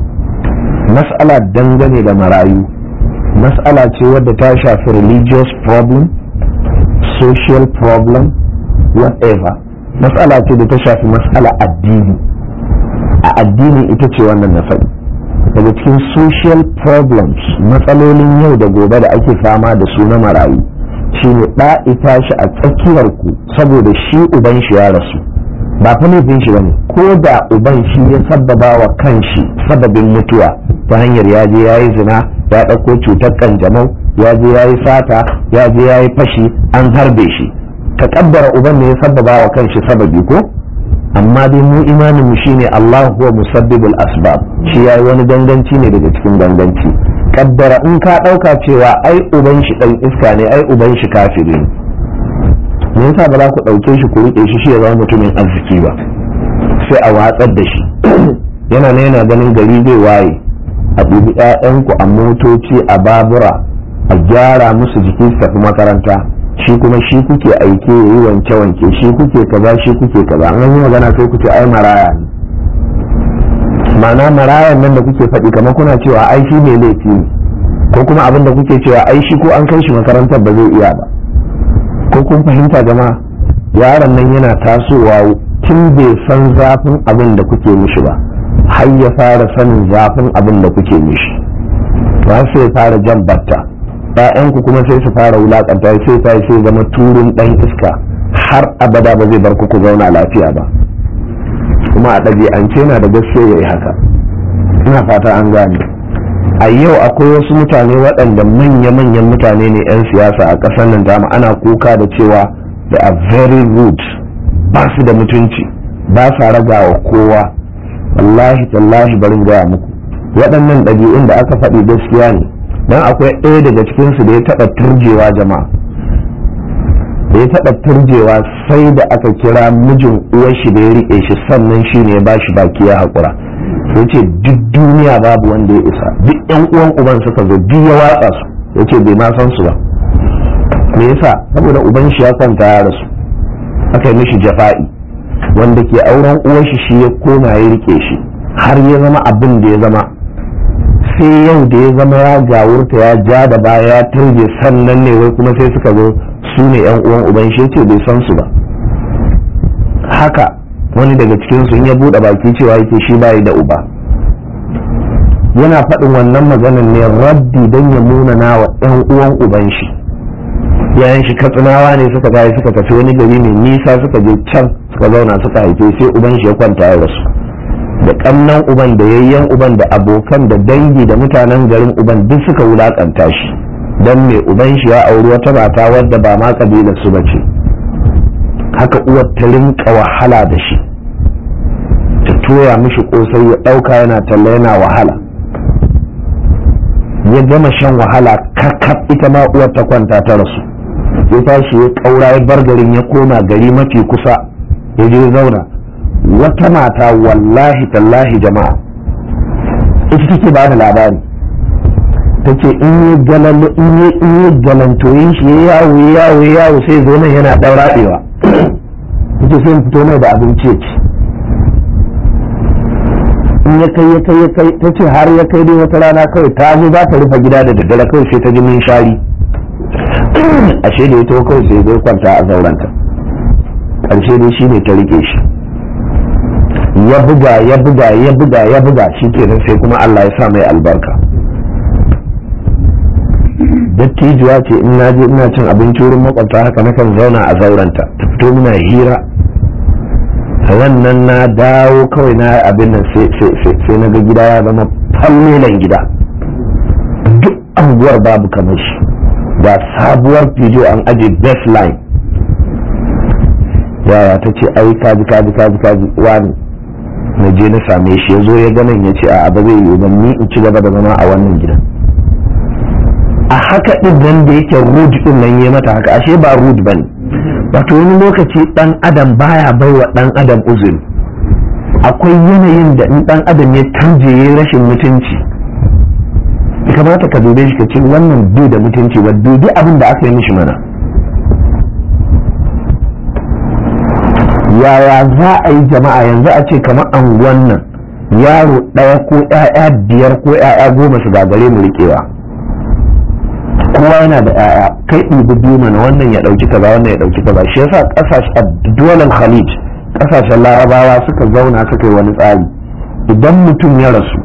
mas'ala dangane da marayu mas'ala ce wadda ta shafi religious problem social problem whatever matsala ce da ta shafi matsala addini a addini ita ce wannan na faɗi daga cikin social problems matsalolin yau da gobe da ake fama da su na marayu shine ɗa ita shi a tsakiyar ku saboda shi uban shi ya rasu ba fa laifin shi bane ko da uban shi ya sabbaba wa shi sababin mutuwa ta hanyar ya je ya yi zina ya ɗauko cutar kanjamau ya je ya yi sata ya je ya yi fashi an harbe shi ka kaddara uban ne ya sabbaba wa kanshi sababi ko amma dai mu imanin mu shine Allah huwa musabbibul asbab shi yayi wani danganci ne daga cikin danganci. kaddara in ka dauka cewa ai uban shi dan iska ne ai uban shi kafiri ne me yasa ba za ku dauke shi ku rike shi shi ya zama mutumin arziki ba sai a watsar da shi yana ne yana ganin gari zai waye a dubi ƴaƴanku a motoci a babura a gyara musu jiki su tafi makaranta shi kuma shi kuke aike yayi wance wance shi kuke kaza shi kuke kaza an yi magana sai kuke ai maraya ne mana marayan nan da kuke faɗi kamar kuna cewa ai shi ne laifi ne ko kuma abin da kuke cewa ai shi ko an kai shi makarantar ba zai iya ba ko kun fahimta jama'a yaron nan yana tasowa tun bai san zafin abin da kuke mishi ba har ya fara sanin zafin abin da kuke mishi ba sai fara jan batta bayanku kuma sai su fara wulakanta ya sai sai sai zama turin ɗan iska har abada ba zai bar ku zauna lafiya ba kuma a ɗabi'ance na da gaske ya yi haka ina fata an gane a yau akwai wasu mutane waɗanda manya-manyan mutane ne 'yan siyasa a ƙasar nan dama ana kuka da cewa da are very good ba su da mutunci ba sa ragawa kowa wallahi tallahi barin gaya muku waɗannan ɗabi'un da aka faɗi gaskiya ne dan akwai ɗaya daga cikin su da ya taɓa turjewa jama'a da ya taɓa turjewa sai da aka kira mijin uwar shi da ya riƙe shi sannan shi ne ba shi baki ya haƙura sai ce duk duniya babu wanda ya isa duk yan uwan uban suka zo duk ya watsa su ya ce bai ma san su ba me yasa saboda uban shi ya kwanta ya rasu aka yi mishi jafa'i wanda ke auren uwar shi ya koma ya rike shi har ya zama abin da ya zama sai yau da ya zama ya gawurta ya ja da baya ya turge sannan ne wai kuma sai suka zo su ne yan uwan uban shi ce bai san su ba haka wani daga cikin su in ya bude baki cewa yake shi bai da uba yana faɗin wannan maganar ne raddi don ya munana wa yan uwan uban shi yayan shi katsinawa ne suka gaya suka tafi wani gari mai nisa suka je can suka zauna suka haife sai uban shi ya kwanta ya rasu da kannan uban da yayyan uban da abokan da dangi da mutanen garin uban duk suka wulaƙanta shi don mai uban shi ya auri wata mata wadda ba ma kabilar su ce haka uwar ta rinka wahala da shi ta toya mishi kosai ya ɗauka yana talla yana wahala ya gama shan wahala kakaf ita ma uwar ta kwanta ta rasu ya tashi ya kaura ya bar garin ya koma gari mafi kusa ya je zauna wata mata wallahi tallahi jama'a ita take ba da labari ta ce in yi galantoyin shi ya yawo ya yawo ya yawo sai zo nan yana ɗauraɗewa ta ce sai fito mai da abinci ya ci in ya kai ya kai ya kai ta ce har ya kai dai wata rana kawai ta zo za ta rufe gida da daddare kawai sai ta ji min shari ashe da ya to kawai sai zai kwanta a zauranta ƙarshe dai shi ne ta rike shi ya buga ya buga ya buga ya buga shi kenan sai kuma Allah ya sa mai albarka dattijuwa ce in na je ina cin abinci wurin makwabta haka nakan zauna a zauranta ta fito muna hira wannan na dawo kawai na abin nan sai na ga gida ya zama fallelan gida duk anguwar babu kamar shi ga sabuwar bidiyo an aje baseline yaya ta ce ai kaji kaji kaji kaji wani na je na same shi ya zo ya ganin ya ce a ba zai yi ba ni in ci gaba da zama a wannan gidan a haka ɗin nan da yake rude ɗin nan ya mata haka ashe ba rude ba ne wato wani lokaci dan adam baya baiwa dan adam uzuri akwai yanayin da in dan adam ya ya rashin mutunci kamata ka dube shi ka ce wannan bai da mutunci ba dubi abin da aka yi mishi mana yaya za a yi jama'a yanzu a ce kamar an nan yaro ɗaya ko ‘ya'ya biyar ko ‘ya'ya goma su gare mu riƙewa kowa yana da ‘ya'ya kai ɗibi biyu mana wannan ya ɗauki kaza wannan ya ɗauki kaza shi yasa ƙasashen dole khalij ƙasashen larabawa suka zauna suka yi wani tsari idan mutum ya rasu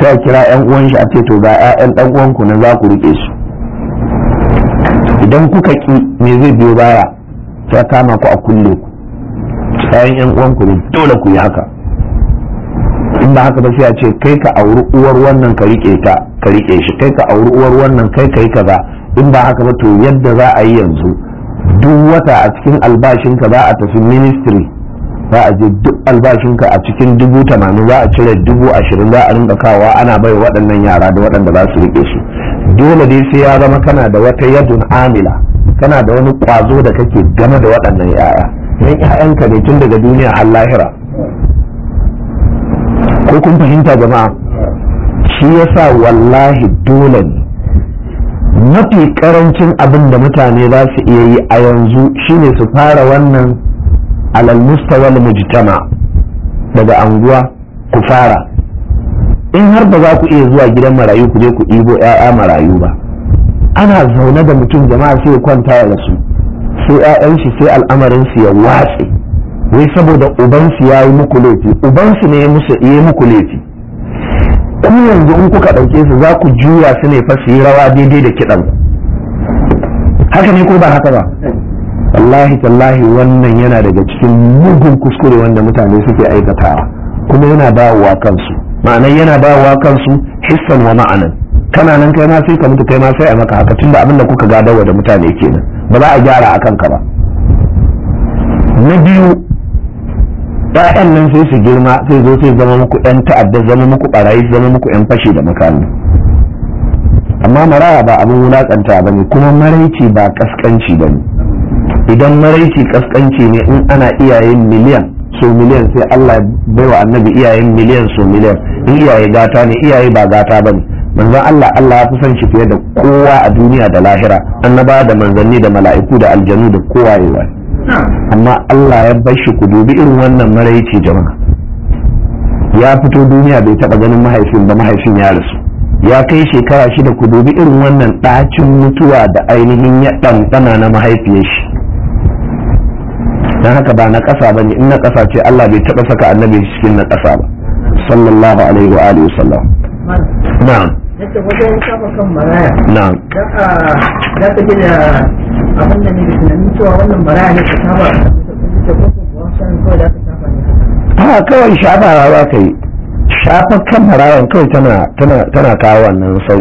sai a kira ‘yan uwan shi a ce to ga ‘ya'yan ɗan uwanku na za ku riƙe su idan kuka ƙi me zai biyo baya ta kama ku a kulle ku yan uwan ku ne dole ku yi haka in ba haka ba sai a ce kai ka auri uwar wannan ka rike ta ka rike shi kai ka auri uwar wannan kai kai kaza in ba haka ba to yadda za a yi yanzu duk wata a cikin albashinka za a tafi ministry za a je duk albashinka a cikin dubu tamanin za a cire dubu ashirin za a rinka kawa ana bai waɗannan yara da waɗanda za su rike su dole dai sai ya zama kana da wata yadun amila kana da wani kwazo da kake game da waɗannan yaya yan yayanka ne tun daga duniya har lahira ko kun fahimta jama'a shi yasa wallahi dole ne mafi karancin abin da mutane za su iya yi a yanzu shine su fara wannan alal mustawal mujtama daga anguwa ku fara in har ba za ku iya zuwa gidan marayu ku je ku ɗibo 'ya'ya marayu ba ana zaune da mutum jama'a sai kwanta ya rasu sai 'ya'yan shi sai al'amarin su ya watse wai saboda ubansu ya yi muku laifi ubansu ne ya yi muku laifi ku yanzu in kuka ɗauke su za ku juya su ne fa su rawa daidai da kiɗan haka ne ko ba haka ba wallahi tallahi wannan yana daga cikin mugun kuskure wanda mutane suke aikatawa kuma yana dawowa kansu ma'anan yana dawowa kansu hissan wa ma'anan kana nan kai ma sai ka mutu kai ma sai a maka haka tunda abin da kuka gadawa da mutane kenan ba za a gyara a ka ba na biyu ɗayan nan sai su girma sai zo sai zama muku yan ta'adda zama muku barayi zama muku yan fashe da makami amma maraya ba abin wulakanta ba ne kuma maraici ba kaskanci ba ne idan maraici kaskanci ne in ana iyayen miliyan so miliyan sai Allah bai wa annabi iyayen miliyan so miliyan in iyaye gata ne iyaye ba gata bane. manzon Allah Allah ya fi son shi fiye da kowa a duniya da lahira ba da manzanni da mala'iku da aljanu da kowa yawa amma Allah ya bar shi ku dubi irin wannan maraici jama'a ya fito duniya bai taba ganin mahaifin da mahaifin ya rasu ya kai shekara shi da ku dubi irin wannan ɗacin mutuwa da ainihin ya ɗanɗana na mahaifiyar shi Dan haka ba na ƙasa ba ne in na ƙasa ce Allah bai taba saka annabi cikin na ƙasa ba sallallahu alaihi wa alihi wasallam na'am nake wajen kafa kan maraya na da ta ke da abin da mai tunanin cewa wannan maraya ne ka saba da kuma san kawai da ka saba ne ha kawai shafawa ba ka yi Shafa kan marayan kawai tana tana kawo wannan sau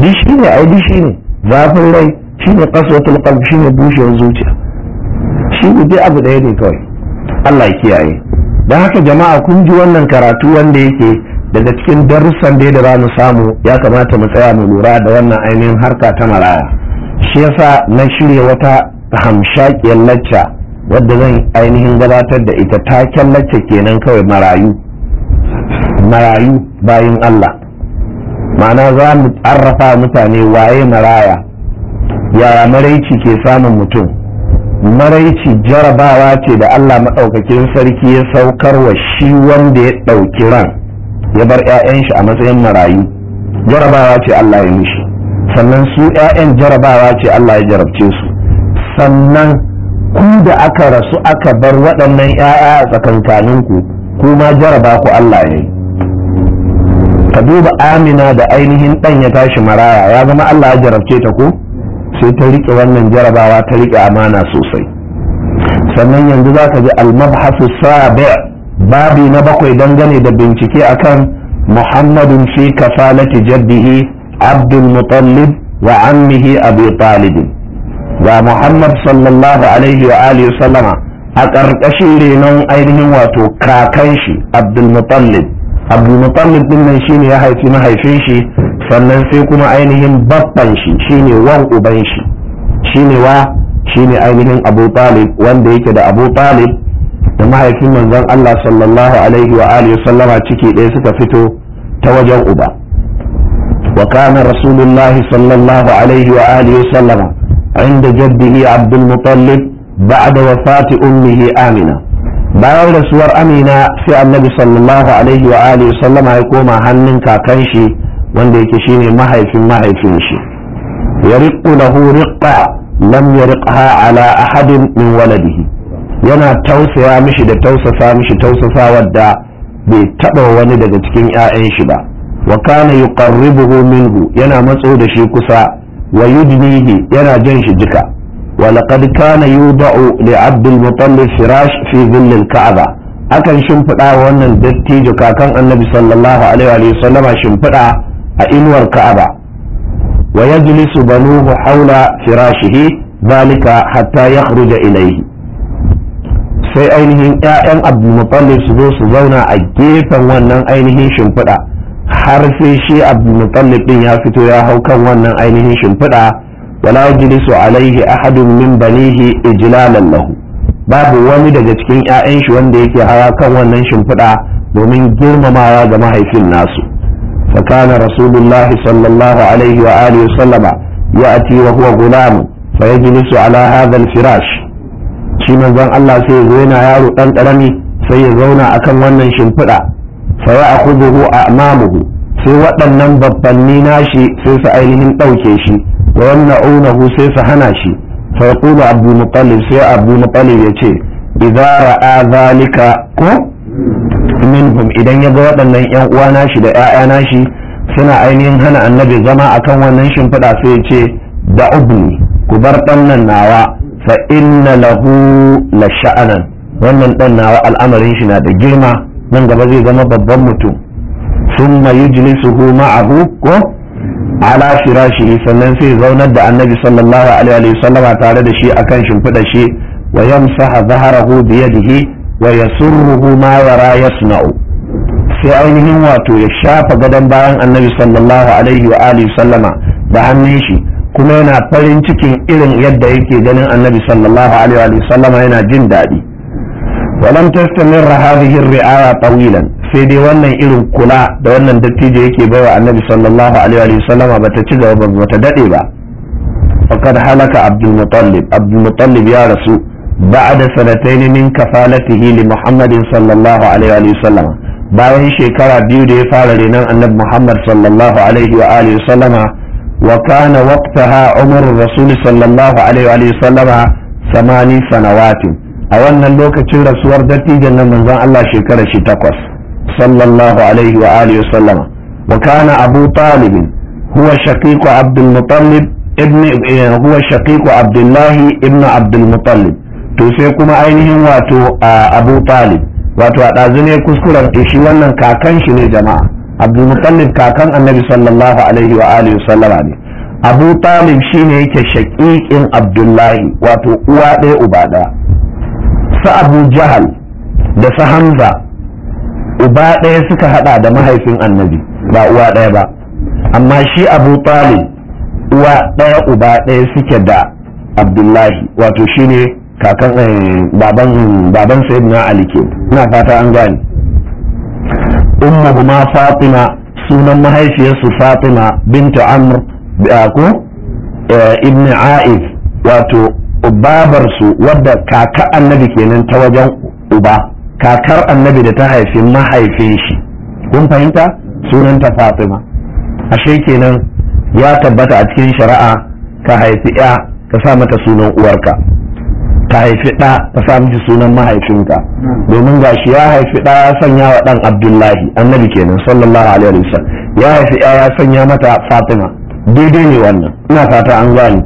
dishi ne ai dishi ne zafin rai shi ne kaso, qalb shi ne bushewar zuciya shi ne dai abu daya ne kawai Allah ya kiyaye don haka jama'a kun ji wannan karatu wanda yake daga cikin darussan da za mu samu ya kamata mu tsaya mu lura da wannan ainihin harka ta maraya shi yasa na shirya wata hamshakiyar lacca wadda zan ainihin gabatar da ita taken lacca kenan kawai marayu marayu bayan Allah ma'ana za mu tsarrafa mutane waye maraya yara maraici ke samun mutum maraici jarabawa ce da Allah maɗaukakin sarki ya saukar wa shi wanda ya ɗauki ran ya bar 'ya'yan shi a matsayin marayu jarabawa ce Allah ya mishi sannan su 'ya'yan jarabawa ce Allah ya jarabce su sannan ku da aka rasu aka bar waɗannan 'ya'ya a tsakankanin ku ma jaraba ku Allah ya yi ka duba amina da ainihin ɗan ya tashi maraya ya zama Allah ya jarabce ta ko sai ta riƙe wannan jarabawa ta riƙe amana sosai sannan yanzu za ka ji almabhasu sabi' babi na bakwai dangane da bincike akan muhammadun fi kafalati jaddihi abdul mutallib wa ammihi abu talib ga muhammad sallallahu alaihi wa alihi sallama a ƙarƙashin renon ainihin wato kakan shi abdul mutallib abdul mutallib din nan shine ya haifi mahaifin shi sannan sai kuma ainihin babban shi shine wan uban shi shine wa shine ainihin abu talib wanda yake da abu talib da mahaifin manzon Allah sallallahu alaihi wa alihi sallama ciki ɗaya suka fito ta wajen uba wa kana rasulullahi sallallahu alaihi wa alihi sallama inda jaddihi abdul mutallib ba'da wafati ummihi amina bayan rasuwar amina sai annabi sallallahu alaihi wa alihi sallama ya koma hannun kakan shi wanda yake shine mahaifin mahaifin shi yariqu lahu riqqa lam yariqha ala ahadin min waladihi yana tausaya mishi da tausasa mishi tausasa wadda bai taɓa wani daga cikin 'ya'yan shi ba wa kana yuqarribuhu minhu yana matso da shi kusa wa yudnihi yana jan shi jika wa laqad kana yudau li abd mutallib firash fi dhill al-ka'ba akan shimfiɗa wannan dattijo kakan annabi sallallahu alaihi wa sallama shimfiɗa a inuwar ka'aba wa yajlisu banuhu hawla firashihi dalika hatta yakhruja ilayhi sai ainihin 'ya'yan abdulmutallib su zo su zauna a gefen wannan ainihin shimfiɗa har sai shi abdulmutallib ɗin ya fito ya hau kan wannan ainihin shimfiɗa wala yajlisu alaihi ahadun min banihi ijlalan lahu babu wani daga cikin 'ya'yan shi wanda yake hawa kan wannan shimfiɗa domin girmamawa ga mahaifin nasu tsakanin rasulullah sallallahu alaihi wa alihi wa sallama ya'ti wa huwa gulam fa yajlisu ala hadha firash shi manzon Allah sai ya zo yana yaro dan karami sai ya zauna akan wannan shimfiɗa fa ya akhudhu amamuhu sai waɗannan babbanni nashi sai su ainihin ɗauke shi wa yamna'unahu sai su hana shi fa yaqulu abu muttalib sai abu muttalib ya ce idza ra'a zalika ko minhum idan ya ga waɗannan yan uwa nashi da ƴaƴa nashi suna ainihin hana annabi zama akan wannan shimfiɗa sai ya ce da ubni ku bar ɗan nan nawa fa inna lahu sha'anan wannan dan nawa al'amarin shi na da girma nan gaba zai zama babban mutum summa yujlisuhu ma'ahu ko ala firashi sannan sai zaunar da annabi sallallahu alaihi sallama tare da shi akan shimfiɗa shi wa yamsaha zaharahu bi yadihi wa yasurruhu ma yara yasna'u sai ainihin wato ya shafa gadon bayan annabi sallallahu alaihi wa alihi sallama da hannun shi kuma yana farin cikin irin yadda yake ganin annabi sallallahu alaihi wa sallama yana jin daɗi walam tastamir hadhihi ar-ri'a tawilan sai dai wannan irin kula da wannan dattijo yake baiwa annabi sallallahu alaihi wa sallama bata ci gaba bata dade ba faqad halaka abdul muttalib abdul muttalib ya rasu ba'da sanatayn min kafalatihi li muhammadin sallallahu alaihi wa sallama bayan shekara biyu da ya fara renon annabi muhammad sallallahu alaihi wa alihi wa sallama وكان وقتها عمر الرسول صلى الله عليه وآله وسلم ثماني سنوات أولا لوك تشير سور دتي جنة من ذا الله شكرا شتقص صلى الله عليه وآله وسلم وكان أبو طالب هو شقيق عبد المطلب ابن هو شقيق عبد الله ابن عبد المطلب to sai kuma ainihin wato abu talib wato a ɗazu ne kuskuren shi wannan kakan shi ne jama'a abdulmutallib kakan annabi sallallahu alaihi wa alihi sallama ne abu talib shine yake shaƙiƙin abdullahi wato uwa ɗaya uba ɗaya su abu jahal da sa hamza uba suka haɗa da mahaifin annabi ba uwa ɗaya ba amma shi abu talib uwa ɗaya uba suke da abdullahi wato shine kakan eh, baban baban sayyidina ali ke ina fata an gane ummuhuma fatima sunan mahaifiyarsu fatima binta amr ko a'id wato ubabarsu wadda kaka annabi kenan ta wajen uba kakar annabi da ta haifi mahaifin shi kun fahimta sunanta fatima ashe kenan ya tabbata a cikin shari'a ka haifi ya ka sa mata sunan uwarka ka haifi ɗa ka sa sunan mahaifinka domin shi ya haifi ɗa ya sanya wa ɗan abdullahi annabi kenan sallallahu alaihi wa wasallam ya haifi ɗa ya sanya mata fatima daidai ne wannan ina fata an gane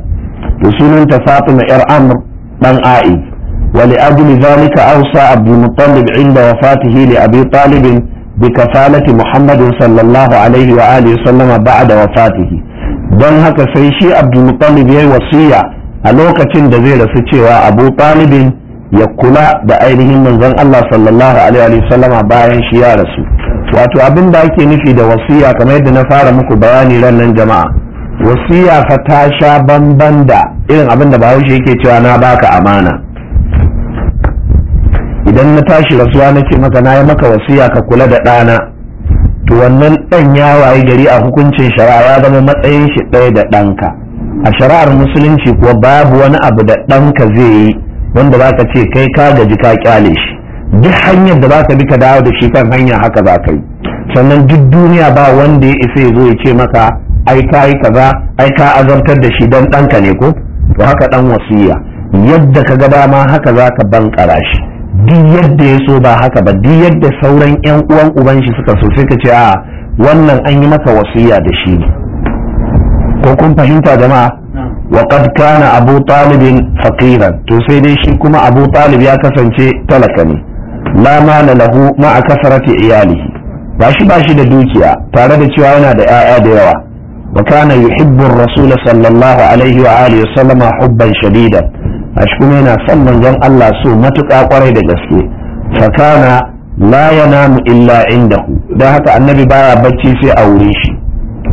to sunanta fatima yar amr ɗan a'i awsa ولأجل ذلك أوصى عبد المطلب عند وفاته لأبي طالب بكفالة sallallahu alaihi wa عليه وآله وسلم بعد وفاته don haka sai shi abdulmutallib ya yi wasiya a lokacin da zai rasu cewa abu talibin ya kula da ainihin manzon Allah sallallahu alaihi wasallama bayan shi ya rasu wato abin da ake nufi da wasiya kamar yadda na fara muku bayani nan jama'a wasiya fa ta sha banban da irin abin da bahaushe yake cewa na baka amana idan na tashi rasuwa na ce maka na yi maka wasiya ka kula da ɗana to wannan ɗan ya waye gari a hukuncin shara'a ya zama matsayin shi ɗaya da ɗanka a shari'ar musulunci kuwa babu wani abu da ɗanka zai yi wanda za ka ce kai ka gaji ka kyale shi duk hanyar da za ka bi ka dawo da shi kan hanya haka za ka yi sannan duk duniya ba wanda ya isa ya zo ya ce maka ai ka yi kaza ai ka azabtar da shi don ɗanka ne ko to haka ɗan wasiya yadda ka ga dama haka za ka bankara shi duk yadda ya so ba haka ba duk yadda sauran 'yan uwan uban shi suka so sai ka ce a wannan an yi maka wasiya da shi ko kun fahimta jama'a wa qad kana abu ɗalibin faqiran to sai dai shi kuma abu talib ya kasance talaka ne la mala lahu ma kasarati iyalihi ba shi ba shi da dukiya tare da cewa yana da 'ya'ya da yawa wa kana yuhibbu ar-rasul sallallahu alaihi wa alihi sallama hubban shadidan ashi kuma yana son manzon Allah so matuƙa kwarai da gaske fakana la yanamu illa indahu dan haka annabi baya bacci sai a wurin shi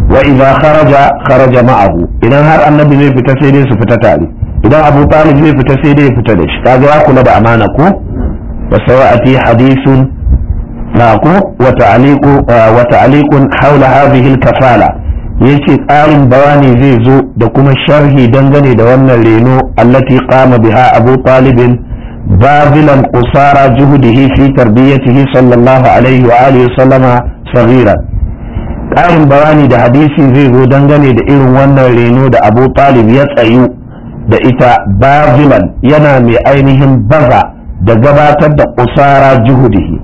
wa idza kharaja kharaja ma'ahu idan har annabi zai fita sai dai su fita tare idan abu talib zai fita sai dai fita da shi kaga ya kula da amana ko wa sawa'ati hadithun na ko wa ta'liqu wa ta'liqun hawla hadhihi al-kafala yace tsarin bayani zai zo da kuma sharhi dangane da wannan reno allati qama biha abu talibin babilan qusara juhudihi fi tarbiyatihi sallallahu alaihi wa alihi sallama saghira ƙarin bayani da hadisi zai zo dangane da irin wannan reno da abu talib ya tsayu da ita bazilan yana mai ainihin baza da gabatar da kusara juhudihi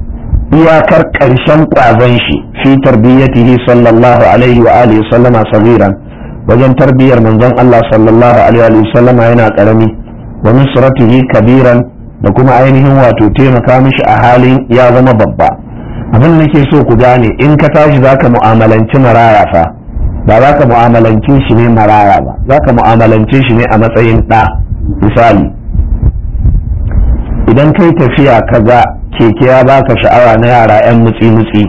iyakar ƙarshen ƙwazon shi fi tarbiyyatihi sallallahu alaihi wa alihi sallama wajen tarbiyyar manzon Allah sallallahu alaihi wa sallama yana ƙarami wa nusratihi kabiran da kuma ainihin wato taimaka mishi a halin ya zama babba abin nake so ku gane in ka tashi za ka mu'amalanci maraya fa ba za ka mu'amalanci shi ne maraya ba za ka mu'amalanci shi ne a matsayin ɗa misali idan kai tafiya ka ga keke ya baka sha'awa na yara 'yan mutsi-mutsi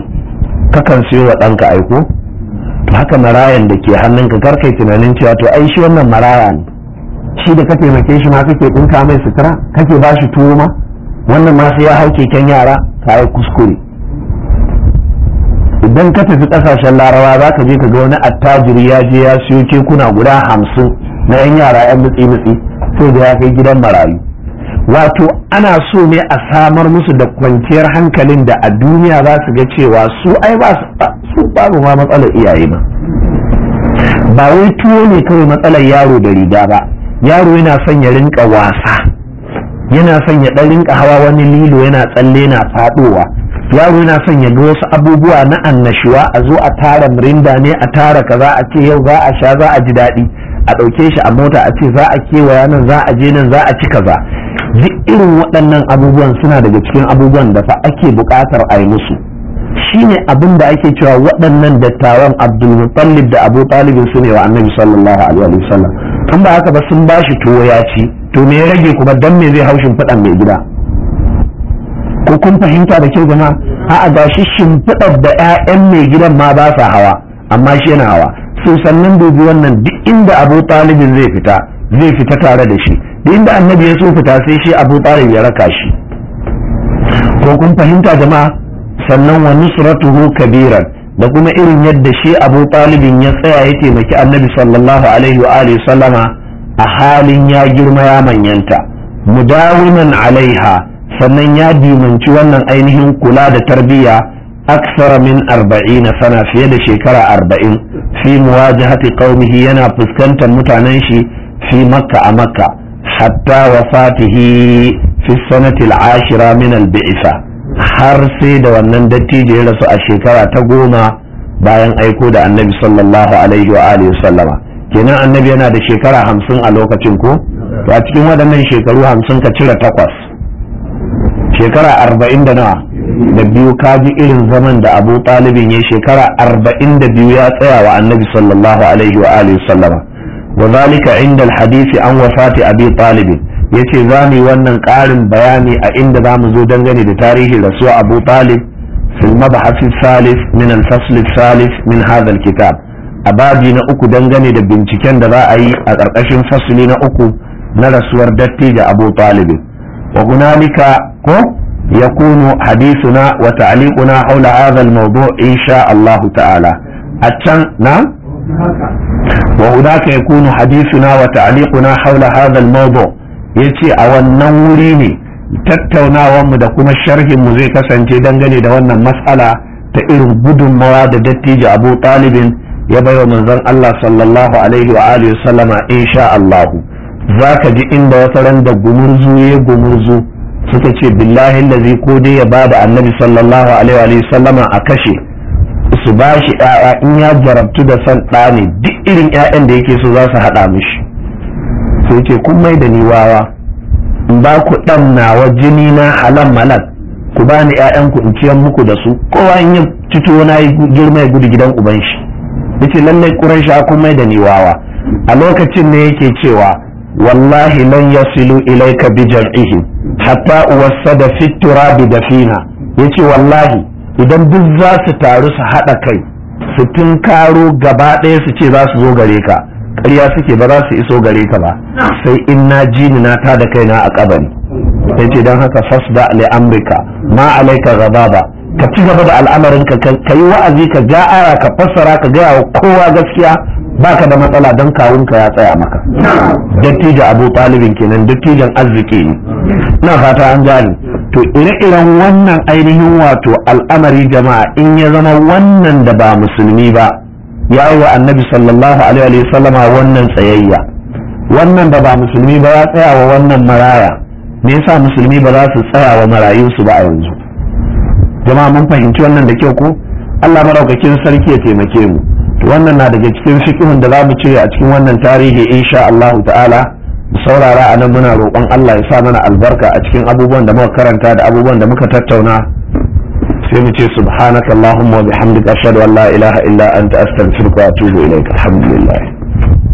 kakan siyo wa ɗanka aiko haka marayan da ke hannunka kar kai tunanin cewa to ai shi wannan maraya ne shi da ka taimake shi ma kake ɗinka mai sutura kake ba shi tuwo ma wannan ma sai ya hau keken yara ka yi kuskure idan ka tafi kasashen larawa za ka je ka ga wani attajiri ya je ya siyo kekuna guda hamsin na yan yara yan mutsi mutsi sai da ya kai gidan marayu wato ana so ne a samar musu da kwanciyar hankalin da a duniya za su ga cewa su ai ba su babu ma matsalar iyaye ba ba wai tuwo ne kawai matsalar yaro da riga ba yaro yana son ya rinka wasa yana son ya ɗan rinka hawa wani lilo yana tsalle na faɗowa yaro yana son ya ga wasu abubuwa na annashuwa a zo a tara mirinda ne a tara kaza a ce yau za a sha za a ji daɗi a ɗauke shi a mota a ce za a kewaya nan za a je nan za a ci kaza duk irin waɗannan abubuwan suna daga cikin abubuwan da fa ake buƙatar a yi musu shine abin da ake cewa waɗannan dattawan abdulmutallib da abu talibin su ne wa annabi sallallahu alaihi wa sallam ba haka ba sun ba shi tuwo ya ci to me ya rage kuma dan me zai haushin faɗan mai gida ko kun fahimta da kyau jama'a a a gashi shimfiɗar da 'ya'yan mai gidan ma ba sa hawa amma shi yana hawa so sannan dubi wannan duk inda abu talibin zai fita zai fita tare da shi duk inda annabi ya so fita sai shi abu talib ya raka shi ko kun fahimta jama'a sannan wa nusratuhu kabiran da kuma irin yadda shi abu talibin ya tsaya ya taimaki annabi sallallahu alaihi wa alihi sallama a halin ya girma ya manyanta mudawiman alaiha sannan ya dimanci wannan ainihin kula da tarbiyya aksara min arba'ina sana fiye da shekara arba'in fi muwajahati qaumihi yana fuskantar mutanen shi fi makka a makka hatta wafatihi fi sanatil ashira min al har sai da wannan dattijo ya rasu a shekara ta goma bayan aiko da annabi sallallahu alaihi wa alihi sallama kenan annabi yana da shekara hamsin a lokacin ko to a cikin waɗannan shekaru hamsin ka cire takwas shekara arba'in da nawa da biyu kaji irin zaman da abu talibin ya shekara arba'in da biyu ya tsaya wa annabi sallallahu alaihi wa alihi sallama wa zalika inda alhadisi an wafati abi talibin ce za mu yi wannan ƙarin bayani a inda za mu zo dangane da tarihi rasuwa abu talib في المبحث الثالث من الفصل الثالث من هذا da أبابي نأكو دنغني a بنتكين دا أي أقرقشن na نأكو نرسور دتي abu talibin. wa hunalika ko yakunu hadisuna wa ta'liquna haula hadha al insha Allah ta'ala a can na wa hunaka yakunu hadisuna wa ta'liquna haula hadha al-mawdu' yace a wannan wuri ne mu da kuma mu zai kasance dangane da wannan mas'ala ta irin gudunmawa da dattijo abu ɗalibin ya baiwa manzon sallallahu alaihi wa insha Allahu za ka ji inda wata ran da gumurzu ya gumurzu suka ce billahi lazi ko dai ya bada annabi sallallahu alaihi wa sallama a kashe su ba shi ɗaya in ya jarabtu da san ɗa ne duk irin ƴaƴan da yake so za su haɗa mishi sai ce kun mai da ni wawa in ba ku ɗan nawa jini na halan malak ku ba ni ƴaƴan ku in ciyan muku da su kowa in ya fito na yi girma ya gudu gidan uban shi yace lallai ƙuran sha kun mai da ni wawa a lokacin ne yake cewa wallahi lan yasilu ilayka bi jam'ihim hatta uwassada fi da dafina yace wallahi idan duk za su taru su haɗa kai su tunkaro gaba ɗaya su ce za su zo gare ka ƙarya suke ba za su iso gare ka ba sai in na ji ni na ta da kaina a kabari sai ce don haka fasda li amrika ma alaika gababa ka ci gaba da al'amarin ka yi wa'azi ka ja ka fassara ka gaya kowa gaskiya baka da matsala don kawunka ya tsaya maka dattijan abu talibin kenan dattijan arziki ne na fata an gane to ire-iren wannan ainihin wato al'amari jama'a in ya zama wannan da ba musulmi ba ya yi wa annabi sallallahu alaihi sallama wannan tsayayya wannan da ba musulmi ba ya tsaya wa wannan maraya me yasa musulmi ba za su tsaya wa marayunsu ba a yanzu jama'a mun fahimci wannan da kyau ko Allah maraukakin sarki ya taimake mu wannan na daga cikin fiqhun da za mu cire a cikin wannan tarihi insha Allah ta'ala saurara a nan muna roƙon Allah ya sa mana albarka a cikin abubuwan da muka karanta da abubuwan da muka tattauna sai mu ce subhanaka allahumma wa bihamdika ashhadu an la ilaha illa anta astaghfiruka wa atubu ilaik alhamdulillah